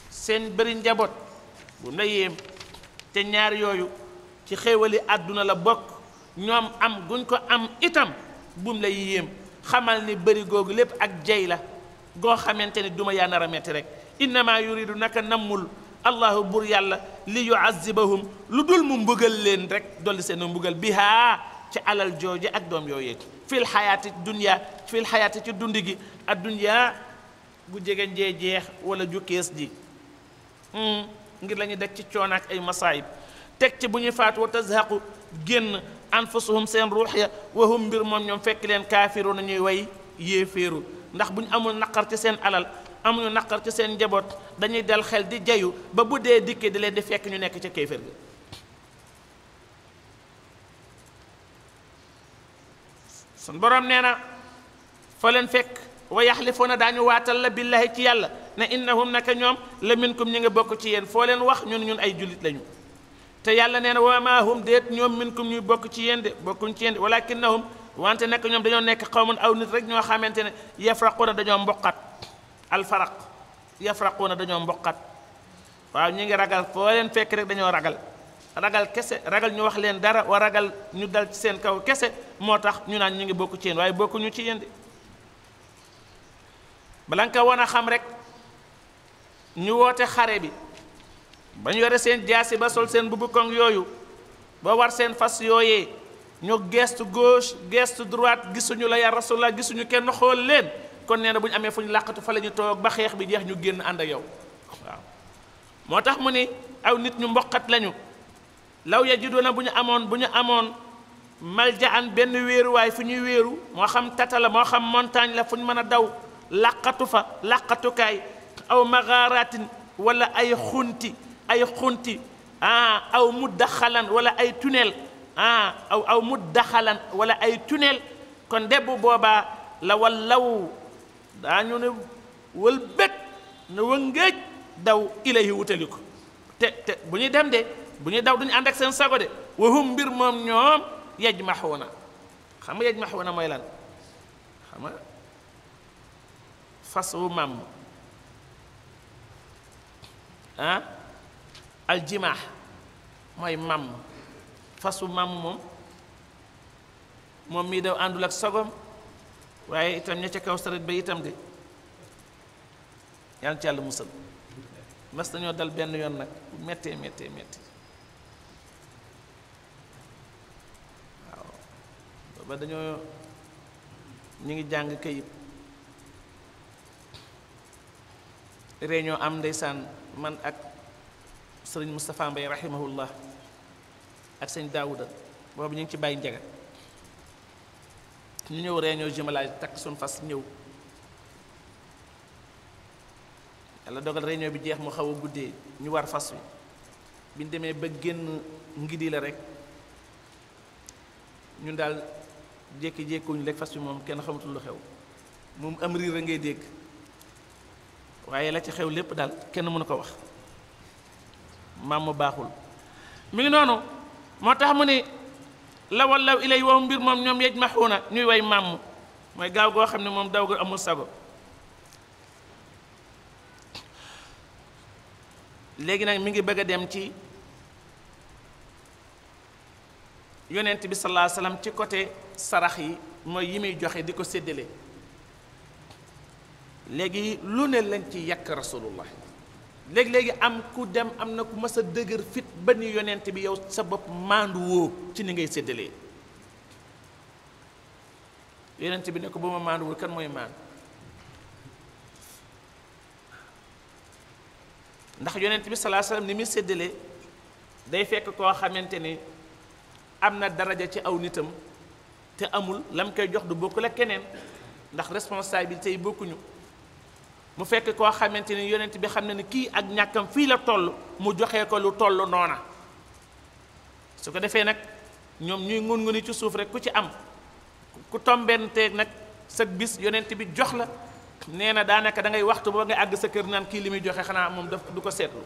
seen bëri njaboot bu na te ñaar yooyu ci xéewali àdduna la bokk ñoom am guñ ko am itam bum la yéem xamal ni bëri googu lépp ak jey goo xamante ni duma yaa nar metti rek innama yuridu naka nammul allahu bur yàlla li yuazibahum lu dul mu mbugal leen rek dolli seen mbugal bihaa ci alal jooju ak doom yooyu fil xayaati dunya fil xayaati ci dund gi ak dunya gu jege njee walla wala ju kees ji hmm. ngir la ñuy ci coonaak ay masaayib teg ci bu ñuy faatu wa tazhaqu génn anfusuhum seen ruux ya wahum mbir moom ñoom fekk leen kaafiroo na way yéeféeru ndax bu ñu amul naqar ci seen alal amuñu naqar ci seen njaboot dañuy dal xel di jayu ba bu dee dikkee di leen di fekk ñu nekk ca kéeféer ga sun borom nee na fa leen fekk wa yaxlifuuna daañu waatal la billahi ci yàlla ne innahum naka ñoom la minkum ñi nga bokk ci yéen foo leen wax ñun ñun ay jullit lañu te yàlla nee na wa maa hum déet ñoom minkum ñuy bokk ci yéen de bokkuñ ci yéen de walakinnahum wante nag ñoom dañoo nekk xawmun aw nit rek ñoo xamante ne yafraquuna dañoo mboqat alfaraq yafraquuna dañoo mboqat waaw ñu ngi ragal foo leen fekk rek dañoo ragal ragal kese ragal ñu wax leen dara wa ragal ñu dal ci seen kaw kese moo tax ñu naan ñu ngi bokk ci yéen waaye bokkuñu ci yéen de bala nga ko wan a xam rek. ñu woote xare bi ba ñu yore seen jaasi ba sol seen bubu koŋ yooyu ba war seen fas yooyee ñu gest gauche gestu droite gisuñu la ya rasulallah gisuñu kenn xool leen kon nee na bu ñu amee fu ñu làqatu fa la ñu toog ba xeex bi jeex ñu génn ànd ak yow moo tax mu ni aw nit ñu mboqat lañu law yajiduna bu ñu amoon bu ñu amoon maljaan benn wéeruwaay fu ñuy wéeru moo xam tata la moo xam montagne la fu ñu mën a daw làqatu fa làqatukaay aw maxaaraatin walla ay xunti ay xunti ah aw mu daxalan wala ay tunnel ah aw aw mu daxalan wala ay tunnel kon debb boobaa la wallaw daañu ne wël bët na daw ilayhi wutali ko te te bu ñuy dem de bu ñuy daw ñu ànd ak seen sago de wahum mbir moom ñoom yajmaxuuna xam nga yajmaxuuna mooy lan xam fas wu màmm ah aljimaax mooy màmm fasu màmm moom moom mii daw àndul ak sagom waaye itam ña kaw saret ba itam de yàlla ci yàlla musal mas nañoo dal benn yoon nag bu méttee méttee waaw booba dañoo ñu ngi jàng kayit réunion am ndeysaan man ak sëriñ Moustapha Mbaye rahimahullah ak sëñ Daouda boobu ñu ngi ci bàyyi njega ñu ñëw réunion jumelage takk suñ fas ñëw yàlla dogal réunion bi jeex mu xaw a guddee ñu war fas wi biñ demee ba génn ngidi la rek ñun daal jékki-jékkuñu rek fas wi moom kenn xamatul lu xew moom am riir a ngay dégg waaye la ci xew lépp daal kenn mënu ko wax maam mu baaxul mu ngi noonu moo tax mu ni lawal law ilay wow mbir moom ñoom yej maxuuna ñuy way maam mooy gaaw goo xam ne moom daw ga amul sago léegi nag mi ngi bëgg a dem ci yonent bi sallallahu alayhi ci côté sarax yi mooy yi muy joxe di ko séddale léegi lu ne lañ ci yàq rasulullah léegi-léegi am ku dem am na ku mas a dëgër fit ba ni yonent bi yow sa bopp maandu ci ni ngay séddalee yonent bi ne ko ba ma maanduwul kan mooy maandu ndax yonent bi salaa salaam ni muy séddalee day fekk koo xamante ni am na daraja ci aw nitam te amul lam koy jox du bokkul ak keneen ndax responsabilité tey bokkuñu mu fekk koo xamante ni yonent bi xam ne ni kii ak ñàkkam fii la toll mu joxe ko lu toll noona su ko defee nag ñoom ñuy ngun nguni ci suuf rek ku ci am ku tombenteeg nag sa bis yonent bi jox la nee na daanaka da ngay waxtu ba nga àgg sa kër naan kii li muy joxe xanaa moom daf du ko seetlu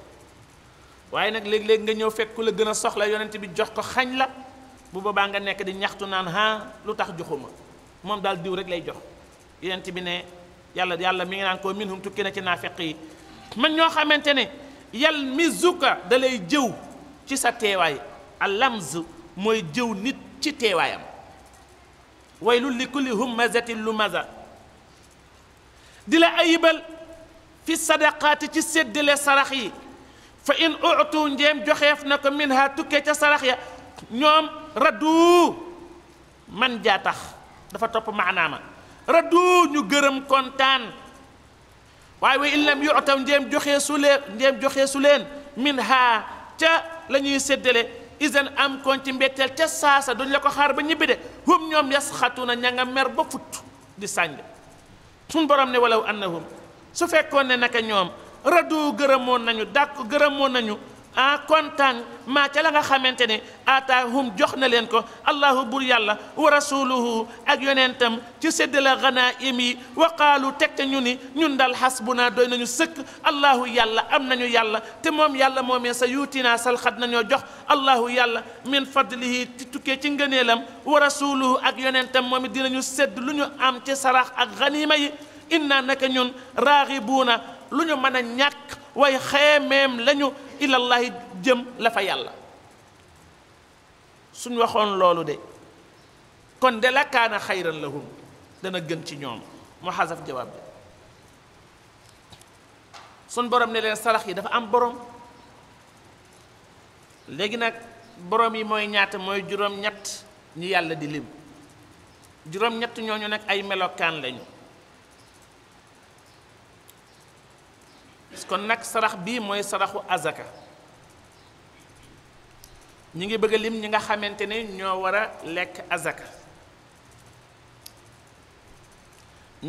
waaye nag léeg-léeg nga ñëw fekk ku la gën a soxla yonent bi jox ko xañ la bu baa nga nekk di ñaxtu naan ha lu tax joxuma moom daal diw rek lay jox yonent bi ne yàlla yàlla mi ngi naan ko minhum tukki na ci naafeq yi man ñoo xamante ne yal mizuka da lay jëw ci sa teewaay alamz mooy jëw nit ci teewaayam waylul li kulli lu lumaza di la ayibal fi sadaqaati ci séddale sarax yi fa in utu njeem joxeef na ko minha tukkee ca sarax ya ñoom raddu man jaa tax dafa topp maanaama raddu ñu gërëm kontaan waaye wa in lam yutam ndéem joxee su leen ndéem joxee su leen min ha ca la ñuy séddale isan am kon ci mbetteel ca saasa duñ la ko xaar ba ñibbi de hum ñoom yasxatu na ña nga mer ba fut di sàng suñ borom ne walaw annahum su fekkoon ne naka ñoom raddu gërëmoon nañu dàkk gërëmoon nañu ah kontaan ma ca la nga xamante ne ataahum jox na leen ko allahu bur yàlla wa rasuluhu ak yonentam ci séddala ganaim yi wa qaalu teg te ñu ni ñun daal naa doy nañu sëkk allahu yàlla am nañu yàlla te moom yàlla moomee sa sal salxat nañoo jox allahu yàlla min fadlihi ci tukkee ci ngëneelam wa rasuluhu ak yonentam moom it dinañu sedd lu ñu am ci sarax ak ganima yi inna naka ñun raaxibuuna lu ñu mën a ñàkk way xeemeem lañu ilallahi jëm la fa yàlla suñ waxoon loolu de kon de la kaana dana gën ci ñoom moo xasaf jawaab bi suñ borom ne leen salax yi dafa am boroom léegi nag boroom yi mooy ñaata mooy juróom-ñett ñi yàlla di lim juróom-ñett ñooñu nag ay melokaan lañu kon nag sarax bii mooy saraxu azaka ñi ngi bëgg a lim ñi nga xamante ne ñoo war a lekk azaka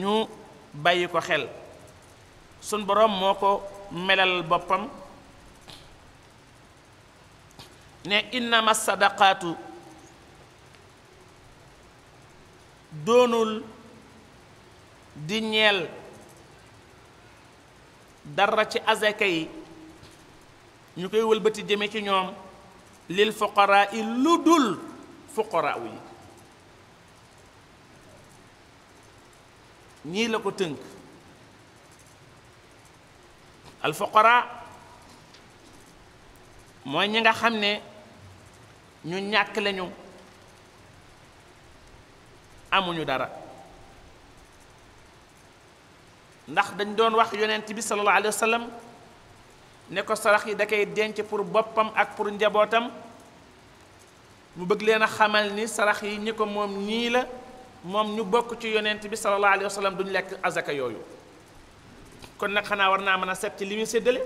ñu bàyyi ko xel sun boroom moo ko melal boppam ne innama sadaqaatu doonul di ñeel dara ci azaka yi ñu koy wëlbati jëme ci ñoom lil fuqaraa i lu dul fuqaraa yi ñii la ko tënk al fuqaraa mooy ñi nga xam ne ñu ñàkk lañu amuñu dara ndax dañ doon wax yonent bi sallallahu alayhi wa sallam ne ko sarax yi da koy denc pour boppam ak pour njabootam mu bëgg leen a xamal ni sarax yi ñi ko moom ñii la moom ñu bokk ci yonent bi sallallahu alayhi duñu lekk azaka yooyu kon nag xanaa war naa mën a set ci li muy séddale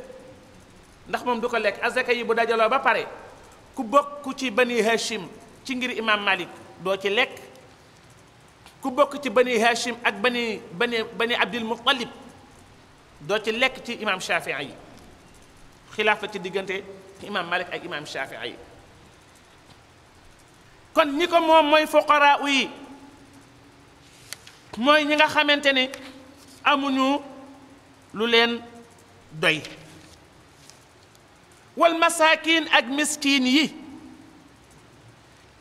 ndax moom du ko lekk azaka yi bu dajaloo ba pare ku bokk ci bani hashim ci ngir imam malik doo ci lekk ku bokk ci bani hashim ak bani bani bani abdil muttalib doo ci lekk ci imam shafii yi xilaaf la ci diggante imam malik ak imam shafii kon ñi ko moom mooy fuqaraa yi mooy ñi nga xamante ni amuñu lu leen doy wal masaakin ak miskin yi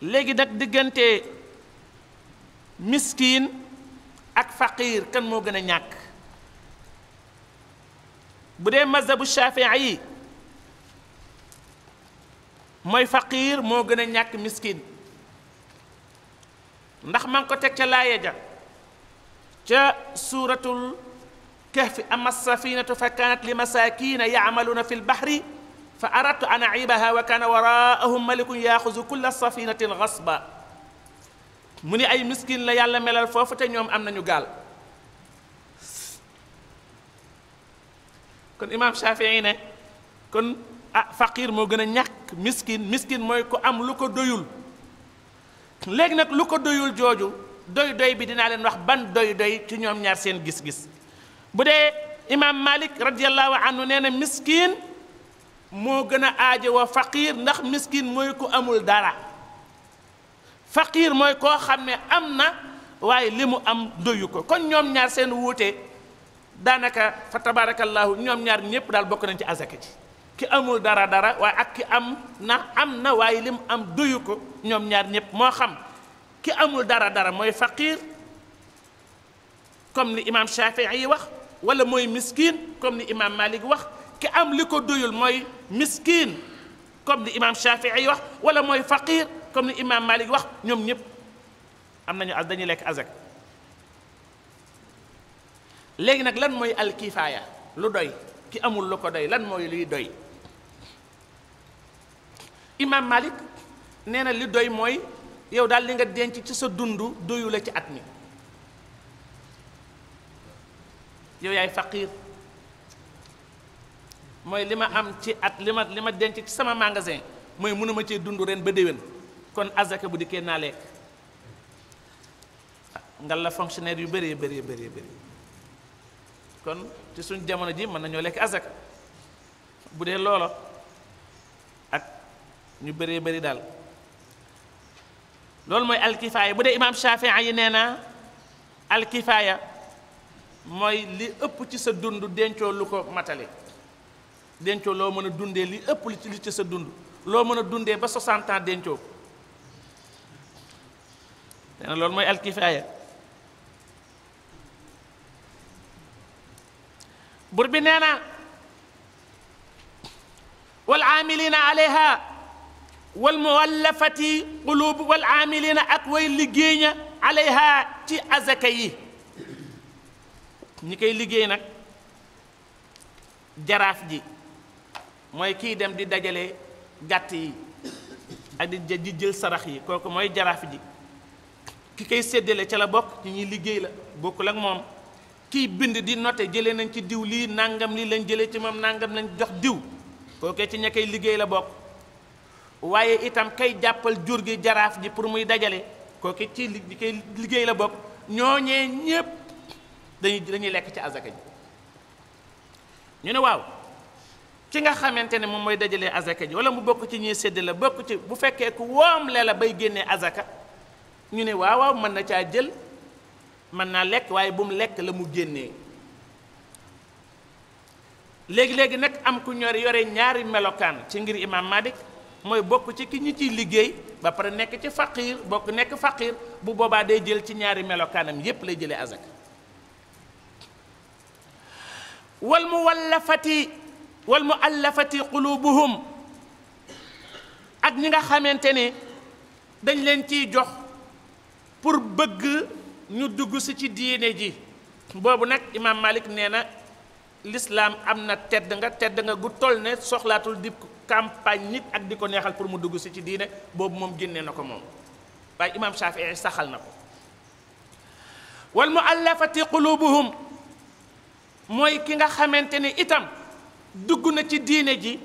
léegi nag diggante miskin ak faqiir kan moo gën a ñàkk bu dee mazhabu shafia yi mooy faqiir moo gën a ñàkk miskin ndax man ko teg ca laaya ja ca suuratul kahfi ama safinatu fa kanat li masakina yacmaluuna fi lbahri fa aradtu an acibaha wa kaana waraahum malikun yaaxuzu kulla safinatin gasba mu ni ay miskin la yàlla melal foofu te ñoom am nañu gaal kon imaam Shafii ne kon ah faqir moo gën a ñàkk miskin miskin mooy ko am lu ko doyul léegi nag lu ko doyul jooju doy doy bi dinaa leen wax ban doy doy ci ñoom ñaar seen gis-gis bu dee imaam Malik radiallahu anhu nee na miskin moo gën a aajo wa faqir ndax miskin mooy ko amul dara faqiir mooy koo xam ne am na waaye li mu am doyu ko kon ñoom ñaar seen wuute daanaka fa tabaarakallaahu ñoom ñaar ñëpp daal bokk nañ ci azaka ji ki amul dara dara waaye ak ki am na am na waaye li mu am doyu ko ñoom ñaar ñëpp moo xam ki amul dara dara mooy faqiir comme li imaam Shafii yi wax wala mooy miskin comme li imaam Malik wax ki am li ko doyul mooy miskin comme li imaam Shafii yi wax wala mooy faqiir comme ni imam Malik wax ñoom ñëpp am nañu as dañuy lekk azak léegi nag lan mooy alkifaaya lu doy ki amul lu ko doy lan mooy luy doy imam Malik nee na li doy mooy yow daal li nga denc ci sa dundu doyu ci at mi yow yaay faqiir mooy li ma am ci at li ma li ma denc ci sama magasin mooy mënuma cee dundu reen ba déwén kon azaka bu dikkee naa lekk nga la fonctionnaire yu bëree bëree bëree kon ci suñ jamono ji mën nañoo lekk azaka bu dee loola ak ñu bëree bëri daal loolu mooy alkifaaya bu dee imaam Shafii yi nee na alkifaaya mooy li ëpp ci sa dund dencoo lu ko matale dencoo loo mën a dundee li ëpp li ci sa dund loo mën a dundee ba 60 ans dencoo nee na loolu mooy alkifaaya bur bi nee na wal aamilina aleyha wal muwallafati qulub wal aamilina ak way liggéey ña aleyha ci azaka yi ñi koy liggéey nag jaraaf ji mooy kiy dem di dajale gàtt yi ak di jël sarax yi kooku mooy jaraaf ji ki koy séddale ca la bokk ci ñuy liggéey la bokkul ak moom kiy bind di note jëlee nañ ci diw lii nangam lii lañ jëlee ci moom nangam lañ jox diw kooke ci ña koy liggéey la bokk waaye itam kay jàppal jur gi jaraaf ji pour muy dajale kooke ci li koy liggéey la bokk ñooñee ñépp dañuy dañuy lekk ci azaka ji ñu ne waaw ki nga xamante ne moom mooy dajalee azaka ji wala mu bokk ci ñuy sédd la bokk ci bu fekkee ku woom lee la bay génnee azaka ñu ne waaw waaw mën na caa jël mën naa lekk waaye bu lekk la mu génnee léegi-léegi nag am ku ñor yore ñaari melokaan ci ngir imam Malik mooy bokk ci ki ñu ciy liggéey ba pare nekk ci faqiir bokk nekk faqiir bu boobaa day jël ci ñaari melokaanam yépp lay jëlee azak wal mu wallafati wal mu allafati qulubuhum ak ñi nga xamante ne dañ leen ciy jox pour bëgg ñu dugg si ci diine ji boobu nag imaam Malik nee na lislaam am na tedd nga tedd nga gu toll ne soxlaatul di campagne nit ak di ko neexal pour mu dugg si ci diine boobu moom génnee na ko moom waaye imaam Shafii saxal na ko wal muallafati qulubuhum mooy ki nga xamante ni itam dugg na ci diine ji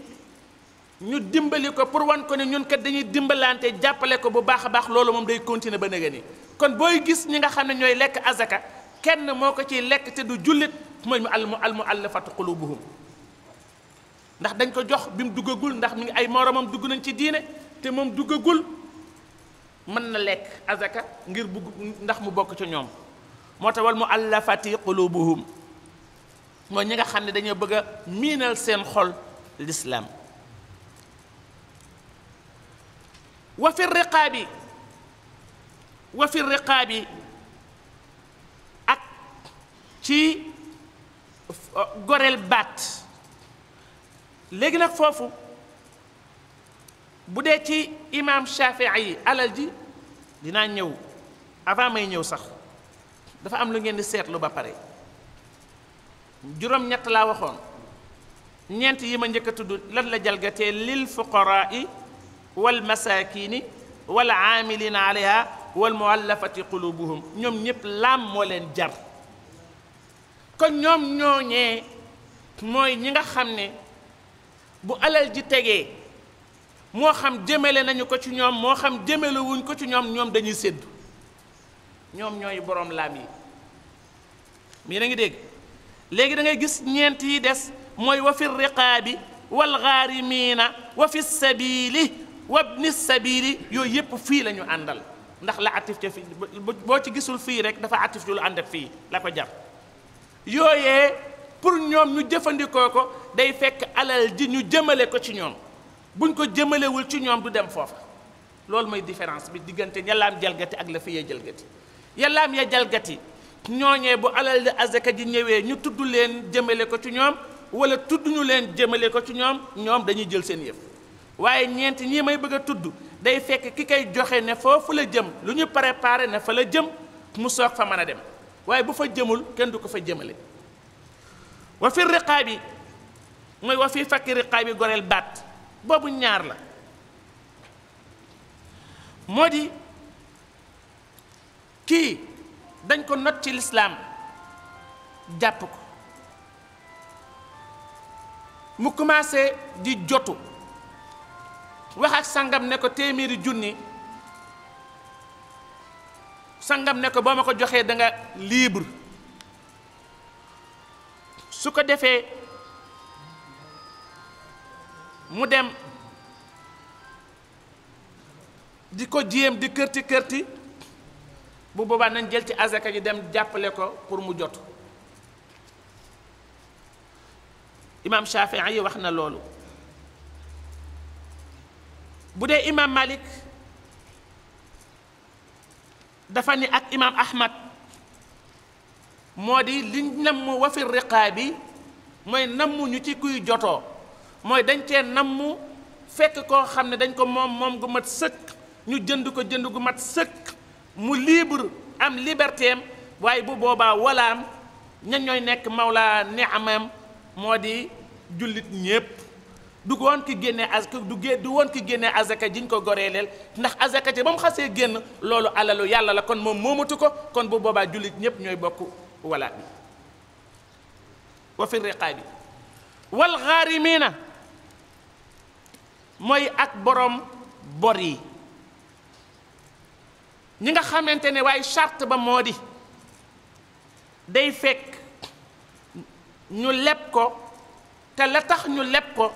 ñu dimbali ko pour wan ko ne ñun kat dañuy dimbalante jàppale ko bu baax a baax loolu moom day continuer ba nëgë ni kon booy gis ñi nga xam ne ñooy lekk azaka kenn moo ko ciy lekk te du jullit mooy mu al mu al mu allafatu qulubuhum ndax dañ ko jox bi mu duggagul ndax mu ngi ay moromam dugg nañ ci diine te moom duggagul mën na lekk azaka ngir bugg ndax mu bokk ci ñoom moo tax wal mu allafati qulubuhum mooy ñi nga xam ne dañoo bëgg a miinal seen xol lislaam wa fi riqaabi wa fi riqaabi ak ci uh, goreel baat léegi nag foofu bu dee ci imaam Shafii yi alal ji dinaa ñëw avant may ñëw sax dafa am lu ngeen di seetlu ba pare juróom-ñett laa waxoon ñeent yi ma njëkk a tudd lan la jalgatee lil fuqaraa wal masaakiini wal aamiliina aleyha wal muallafati qulubuhum ñoom ñëpp laam moo leen jar kon ñoom ñooñee mooy ñi nga xam ne bu alal ji tegee moo xam jëmale nañu ko ci ñoom moo xam jëmale ko ci ñoom ñoom dañuy séddu ñoom ñooy boroom laam yi mii na ngi dégg léegi da ngay gis ñeent yi des mooy wa fi riqaabi wal ghaarimiina wa fi sabili wa ibni sabili yooyu yëpp fii lañu àndal ndax la atif ca fii boo ci gisul fii rek dafa atif ju lu ànd ak fii la ko jar yooyee pour ñoom ñu jëfandikoo ko day fekk alal ji ñu jëmale ko ci ñoom buñ ko jëmalewul ci ñoom du dem foofa loolu mooy différence bi diggante yàllaam jalgati ak la fi yee jalgati yàllaam ya jalgati ñooñee bu alal azaka ji ñëwee ñu tudd leen jëmale ko ci ñoom wala tudd ñu leen jëmale ko ci ñoom ñoom dañuy jël seen yëf waaye ñeent ñii may bëgg a tudd day fekk ki koy joxe ne foofu la jëm lu ñu préparé na fa la jëm mu soog fa man a dem waaye bu fa jëmul kenn du ko fa jëmale wa fi riqaabi mooy wa fi fakki riqaabi goreel baat boobu ñaar la moo di kii dañ ko not ci lislaam jàpp ko mu commencé di jotu wax ak sangam ne ko téeméeri junni sangam ne ko boo ma ko joxee danga nga libre su ko defee mu dem di ko jéem di kërti kërti bu boobaa nañ jël ci azaka ji dem jàppale ko pour mu jot imaam Shaafi'i yi wax na loolu bu dee imaam Malik dafa ne ak imaam Ahmad moo di li namm wa fi riqaabi mooy namm ñu ci kuy jotoo mooy dañ cee namm fekk koo xam ne dañ ko moom moom gu mat sëkk ñu jënd ko jënd gu mat sëkk mu libre am liberté waaye bu boobaa walaam ña ñooy nekk ne ni'amam moo di jullit ñépp du won ki génnee as du gé du won ki génnee azaka jiñ ko goreeleel ndax azaka ci ba mu xasee génn loolu alalu yàlla la kon moom moomatu ko kon bu boobaa jullit ñépp ñooy bokk walaat bi wa fi riqaabi wal xaarimiina mooy ak boroom bor yi ñi nga xamante ne waaye charte ba moo di day fekk ñu leb ko te la tax ñu leb ko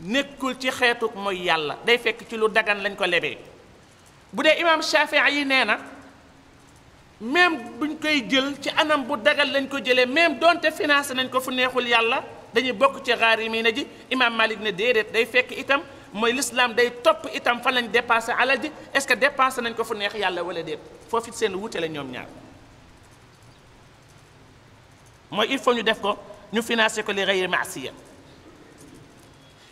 nekkul ci xeetuk mooy yàlla day fekk ci lu dagan lañ ko lebee bu dee imaam Shafii yi nee na même buñ koy jël ci anam bu dagan lañ ko jëlee même donte financé nañ ko fu neexul yàlla dañuy bokk ci xaarimiina ji imaam Malik ne déedéet day fekk itam mooy l'islam day topp itam fan lañ dépensé alal ji est-ce que dépensé nañ ko fu neex yàlla wala déet foofu it seen wute la ñoom ñaar mooy il faut ñu def ko ñu financé ko li gayri maasiya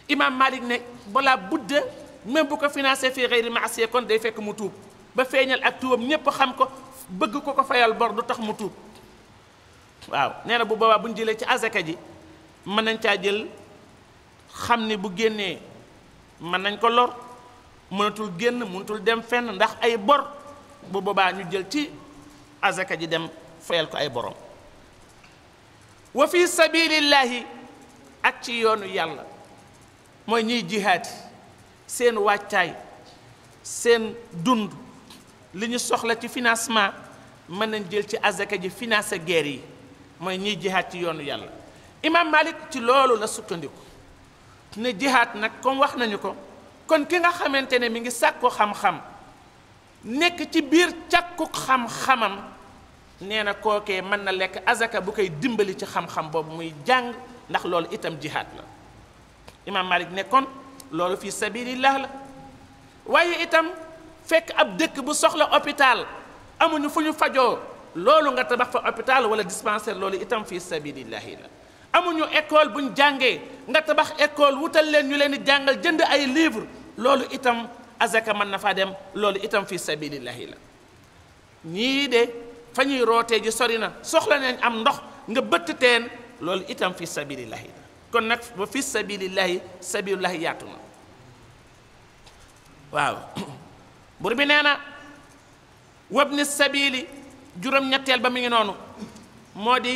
imaam Malik ne balaa budda même bu ko financé fii xëyri maasiya kon day fekk mu tuub ba feeñal ak tuubam ñépp xam ko bëgg ko ko fayal bor du tax mu tuub waaw nee na bu boobaa bu ñu jëlee ci azaka ji mën nañ caa jël xam ni bu génnee mën nañ ko lor mënatul génn mënatul dem fenn ndax ay bor bu boobaa ñu jël ci azaka ji dem fayal ko ay boroom wa fi sabilillahi ak ci yoonu yàlla mooy ñiy jihaad seen wàccaay seen dund li ñu soxla ci financement mën nañ jël ci azaka ji finance guerre yi mooy ñiy jihaad ci yoonu yàlla imam malik ci loolu la sukkandiku ne jihaad nag comme wax nañu ko kon ki nga xamante ne mi ngi sàkku xam-xam nekk ci biir càkku xam-xamam nee na kookee mën na lekk azaka bu koy dimbali ci xam-xam boobu muy jàng ndax loolu itam jihaad la imaam Malik nekkoon loolu fii sabilillah la waaye itam fekk ab dëkk bu soxla hôpital amuñu fu ñu fajoo loolu nga tabax fa hôpital wala dispensaire loolu itam fii sabilillahi la amuñu école buñ jàngee nga tabax école wutal leen ñu leen di jàngal jënd ay livre loolu itam azaka mën na faa dem loolu itam fii sabilillahi la ñii de fa ñuy rootee ji sori na soxla neen am ndox nga bëtt teen loolu itam fii sabilillahi la kon nag ba fi sabilillahi sabilullahi yaatu na waaw bur bi nee na wabni sabili juróom-ñetteel ba mu ngi noonu moo di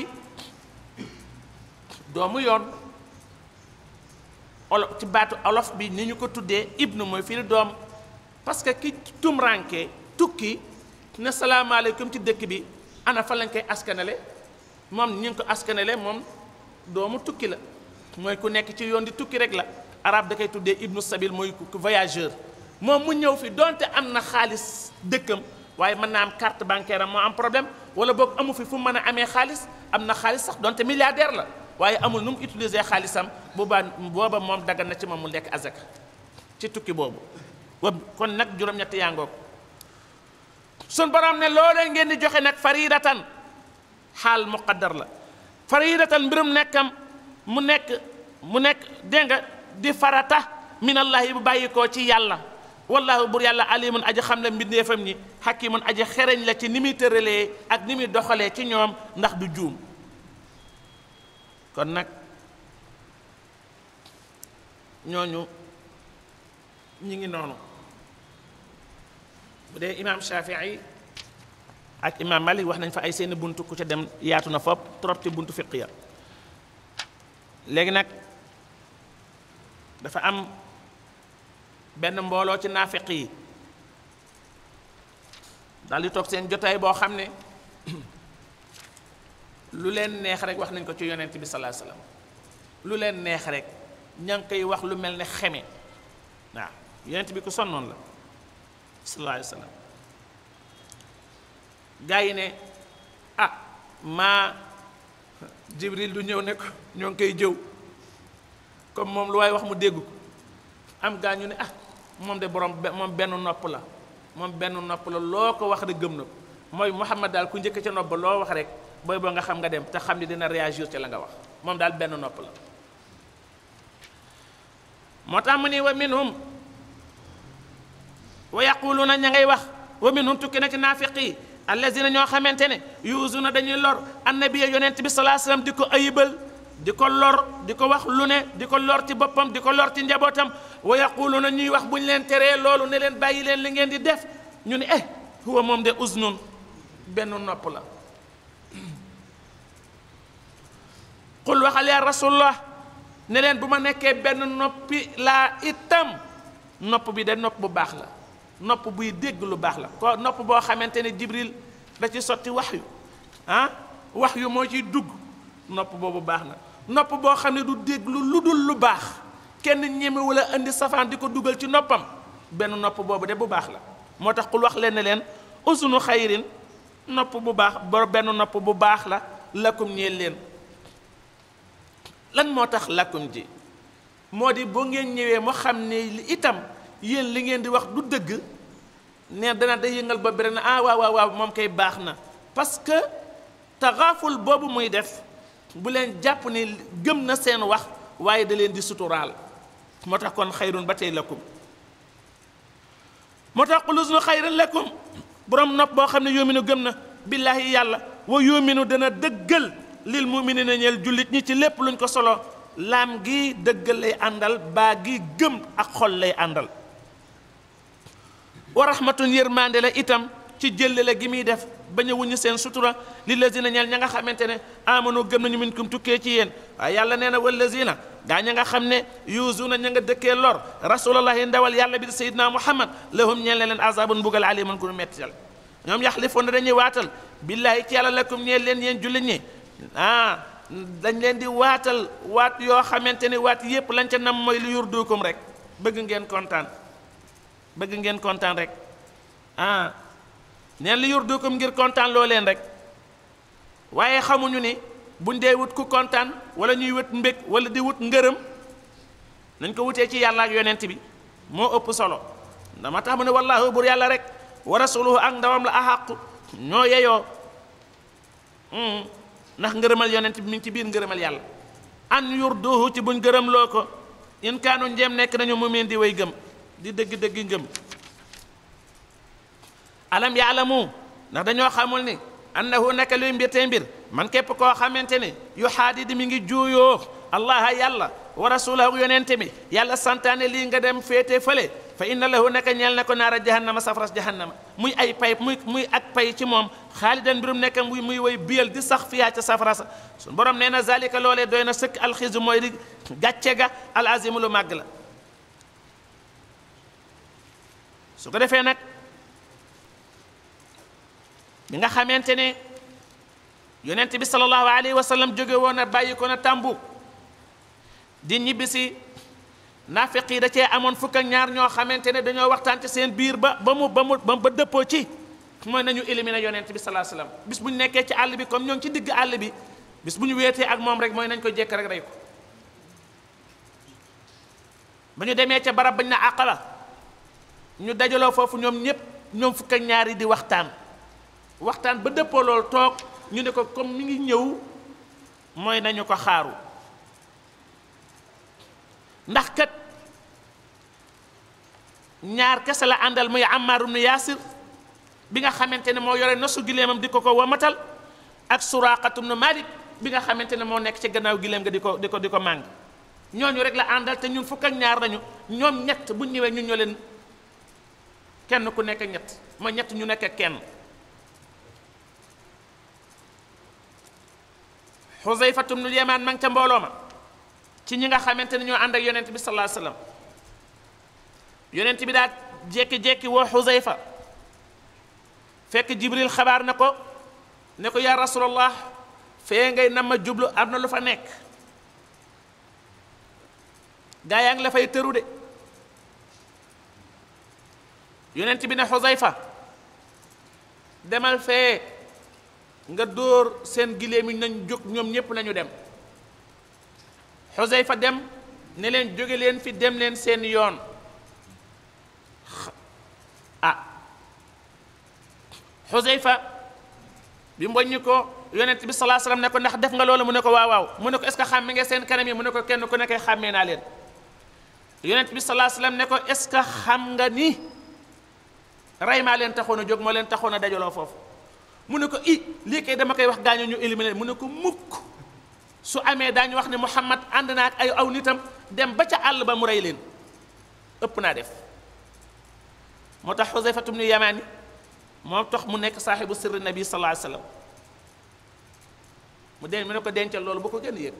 doomu yoon olof ci baatu olof bi ni ñu ko tuddee ibnu mooy firi doom parce que ki tumranke tukki ne salaamaaleykum ci dëkk bi ana fa lañ koy askanale moom ñu ko askanale moom doomu tukki la mooy ku nekk ci yoon di tukki rek la arab da kay tuddee ibnu sabil mooy ku voyageur moom mu ñëw fi donte am na xaalis dëkkam waaye mën naa am carte bancaire am moo am problème wala boog amu fi fu mën a amee xaalis am na xaalis sax donte milliardaire la waaye amul nu mu utiliser xaalisam boobaa booba moom daggan na ci moom mu lekk azaka ci tukki boobu kon nag juróom-ñetti yaangoog sun borom ne loolee ngeen di joxe nag faridatan xaal muqaddar la mu nekk mu nekk dégg nga di farata minallahi bu bàyyi koo ci yàlla wallaahu bur yàlla alimun aji xam la mbindeefam ñi xakimun aji xereñ la ci ni muy tëralee ak ni muy doxalee ci ñoom ndax du juum kon nag ñooñu ñi ngi noonu bu dee imaam Shafii ak imaam Malik wax nañ fa ay seeni bunt ku ca dem yaatu na fopp trop ci buntu fiq ya léegi nag dafa am benn mbooloo ci naafiq yi daal di toog seen jotaay boo xam ne lu leen neex rek wax nañ ko ci yonent bi sallallahu lu leen neex rek ña ngi koy wax lu mel ne xeme waaw yonent bi ku sonnoon la sallallahu alayhi wasallam gaa yi ne ah maa jibril du ñëw ne ñoo ngi koy jëw comme moom lu waaye wax mu dégg ko am gaa ñu ne ah moom de borom moom benn nopp la moom benn nopp la loo ko wax rek gëm na ko mooy Muhammad daal ku njëkk ca nopp loo wax rek booy nga xam nga dem te xam ni dina réagir ci la nga wax moom daal benn nopp la moo tax mu ni wa minhum wa yaquluuna ña ngay wax wa minhum tukki na ci naafiq allazina ñoo xamante ne yuusuna dañuy lor annabiya yonent bi salaa salaam di ko ayibal di ko lor di ko wax lu ne di ko lor ci boppam di ko lor ci njabootam wa na ñuy wax bu ñu leen teree loolu ne leen bàyyi leen li ngeen di def ñu ne eh huwa moom de uznun benn nopp la qul waxal yaa rasulullah ne leen bu ma nekkee benn noppi laa itam nopp bi de nopp bu baax la nopp buy dégg lu baax la ko nopp boo xamante ne dibril da ci sotti wax yu ah wax yu moo ciy dugg nopp boobu baax na nopp boo xam ne du déglu lu dul lu baax kenn ñeme wala indi safaan di ko dugal ci noppam benn nopp boobu de bu baax la moo tax kul wax leen ne leen usunu xayrin nopp bu baax ba benn nopp bu baax la lakkum ñeel leen lan moo tax lakkum ji moo di boo ngeen ñëwee moo xam ne li itam yéen li ngeen di wax du dëgg ne dana day yëngal ba bere na ah waaw waaw moom kay baax na parce que taxaaful boobu muy def bu leen jàpp ni gëm na seen wax waaye da leen di suturaal moo tax kon xayrun ba tey lakum moo tax xulusnu xayran lakum borom nopp boo xam ne yóominu gëm na billaahi yàlla wa yóominu dana dëggal lil muminina ñeel jullit ñi ci lépp luñ ko solo laam gi dëggal lay àndal baa gi gëm ak xol lay àndal wa rahmatun yërmande la itam ci jëlle la gi muy def bañ a wuñu seen sutura li lazina ñal ña nga xamante ne amanu gëm nañu min kum tukkee ci yeen waaye yàlla nee na wallazina gaa ña nga xam ne yuusuuna ña nga dëkkee lor rasulallahi ndawal yàlla bi di sayidna muhammad lahum ñeel ne leen azabun bugal aliman gu mettal ñoom yaxlifoon na dañuy waatal billaahi ci yàlla lakum ñeel leen yéen jullit ñi ah dañ leen di waatal waat yoo xamante ne waat yépp lañ ca nam mooy li yurdukum rek bëgg ngeen kontaan bëgg ngeen kontaan rek ah neen li yurdukum ngir kontaan leen rek waaye xamuñu ni buñ dee wut ku kontaan wala ñuy wut mbég wala di wut ngërëm nañ ko wutee ci yàlla ak yonent bi moo ëpp solo dama tax mu ne wallaahu bur yàlla rek wa rasuluhu ak ndawam la axàqu ñoo yeyoo hmm, ndax ngërëmal yonent bi mi ci biir ngërëmal yàlla an yurduhu ci buñ gërëm loo ko in kaanu nekk nañu mu miin di way gëm di dëgg-dëgg ngëm alam yaalamu ndax dañoo xamul ni annahu naka luy mbir tey mbir man képp koo xamante ne yu xaadidi mi ngi juuyoo allah yàlla wa rasulahu yonente mi yàlla santaane lii nga dem féete fële fa inna lahu naka ñeel na ko naara jahannama safras jahannama muy ay pay muy muy ak pay ci moom xaalidan mbirum nekk muy muy way biyal di sax fiyaa ca safara sa su borom nee na zalika loolee doy na sëkk alxizu mooy di gàcce ga màgg la su ko defee nag bi nga xamante ne yonent bi sallallahu alayhi wa sallam jóge woon na bàyyi ko na Tambuk di ñibbisi naafiq yi da cee amoon fukk ak ñaar ñoo xamante ne dañoo waxtaan ci seen biir ba ba mu ba mu ba dëppoo ci mooy nañu éliminer yonent bi sallallahu alayhi wa sallam bis bu ñu nekkee ci àll bi comme ñoo ci digg àll bi bis bu ñu weetee ak moom rek mooy nañ ko jekk rek rey ko ba ñu demee ca barab bañ na àqala ñu dajaloo foofu ñoom ñëpp ñoom fukk ak ñaar yi di waxtaan waxtaan ba dëppoo loolu toog ñu ne ko comme mi ngi ñëw mooy nañu ko xaaru ndax kat ñaar kese la àndal muy Ammar ibn Yaasir bi nga xamante ne moo yore nosu gileemam di ko ko wamatal ak Suraaqatu na Maalik bi nga xamante ne moo nekk ci gannaaw gileem nga di ko di ko di ko màng ñooñu rek la àndal te ñun fukk ak ñaar nañu ñoom ñett bu ñëwee ñu ñoo leen kenn ku nekk ñett ma ñett ñu nekk kenn xuseyfatu bnul yamaan ma ngi ca mbooloo ma ci ñi nga xamante ne ñoo ànd ak yonent bi sallallahu alayhi yonent bi daal jékki-jékki woo xuseyfa fekk jibril xabaar na ko ne ko yaa rasulallah fee ngay nam ma jublu am na lu fa nekk gaa yaa ngi la fay tëru de yonent bi ne fa demal fee nga dóor seen giléem yi nañ jóg ñoom ñépp nañu dem fa dem ne leen jóge leen fi dem leen seen yoon a ah Xuzayfa bi mboññi ko yonent bi salaa salaam ne ko ndax def nga loolu mu ne ko waaw waaw mu ne ko est-ce que xàmme nga seen kanam yi mu ne ko kenn ku nekkee xàmmee naa leen yonent bi salaa salaam ne ko est-ce que xam nga ni rey maa leen taxoon a jóg moo leen taxoon a dajaloo foofu mu ne ko i lii dama koy wax gaañu ñu éliminer mu ne ko mukk su amee daa daañu wax ne Muhammad ànd naa ak ay aw nitam dem ba ca àll ba mu rey leen ëpp naa def moo tax Xuseyfatu bnu Yamaani moo tax mu nekk saaxibu sirri nabi sallallahu alayhi wasallam mu den mu ne ko dencal loolu boo ko gën yëg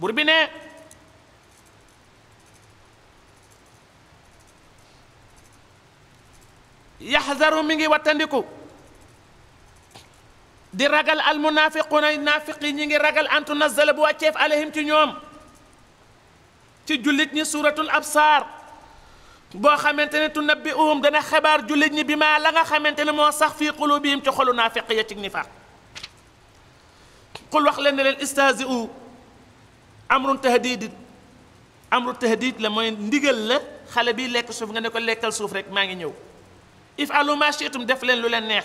bur bi ne yaxzaru mi ngi wattandiku di ragal almunaafiquuna naafiq yi ñu ngi ragal an tunazzala bu wàcceef alayhim ci ñoom ci jullit ñi suuratul absaar boo xamante ne tunabbi'uhum dana xabaar jullit ñi bi maa la nga xamante ne moo sax fii quluubihim ci xolu naafiq ya ci nifaaq qul wax leen ne leen istahzi'u amrun tahdidin amru tahdid la mooy ndigal la xale bi lekk suuf nga ne ko lekkal suuf rek maa ngi ñëw if'alu ma shi'tum def leen lu leen neex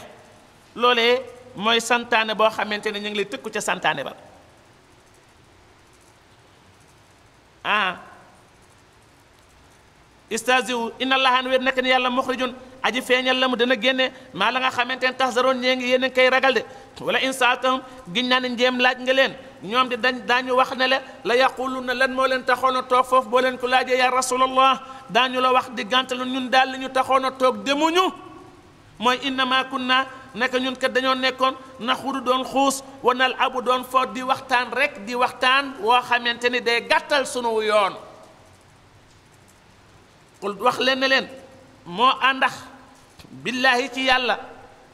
loole mooy santaane boo xamante ne ñu ngi lay tëkku ca santaane ba ah istaziw inna allahan wér nekk ni yàlla muxrijun aji feeñal la mu dana génne maa la nga xamante ne tax ñee ngi yéen kay ragal de wala insaatam giñ naa ne njéem laaj nga leen ñoom di dañ daañu wax ne la la na lan moo leen taxoon a toog foofu boo leen ko laajee ya rasulallah daañu la wax di gàntalu ñun daal li ñu taxoon a toog demuñu mooy innama kunna naka ñun kat dañoo nekkoon naxudu doon xuus wanal abu doon foot di waxtaan rek di waxtaan woo xamante ni day gàttal sunu yoon kul wax leen ne leen moo àndax billaahi ci yàlla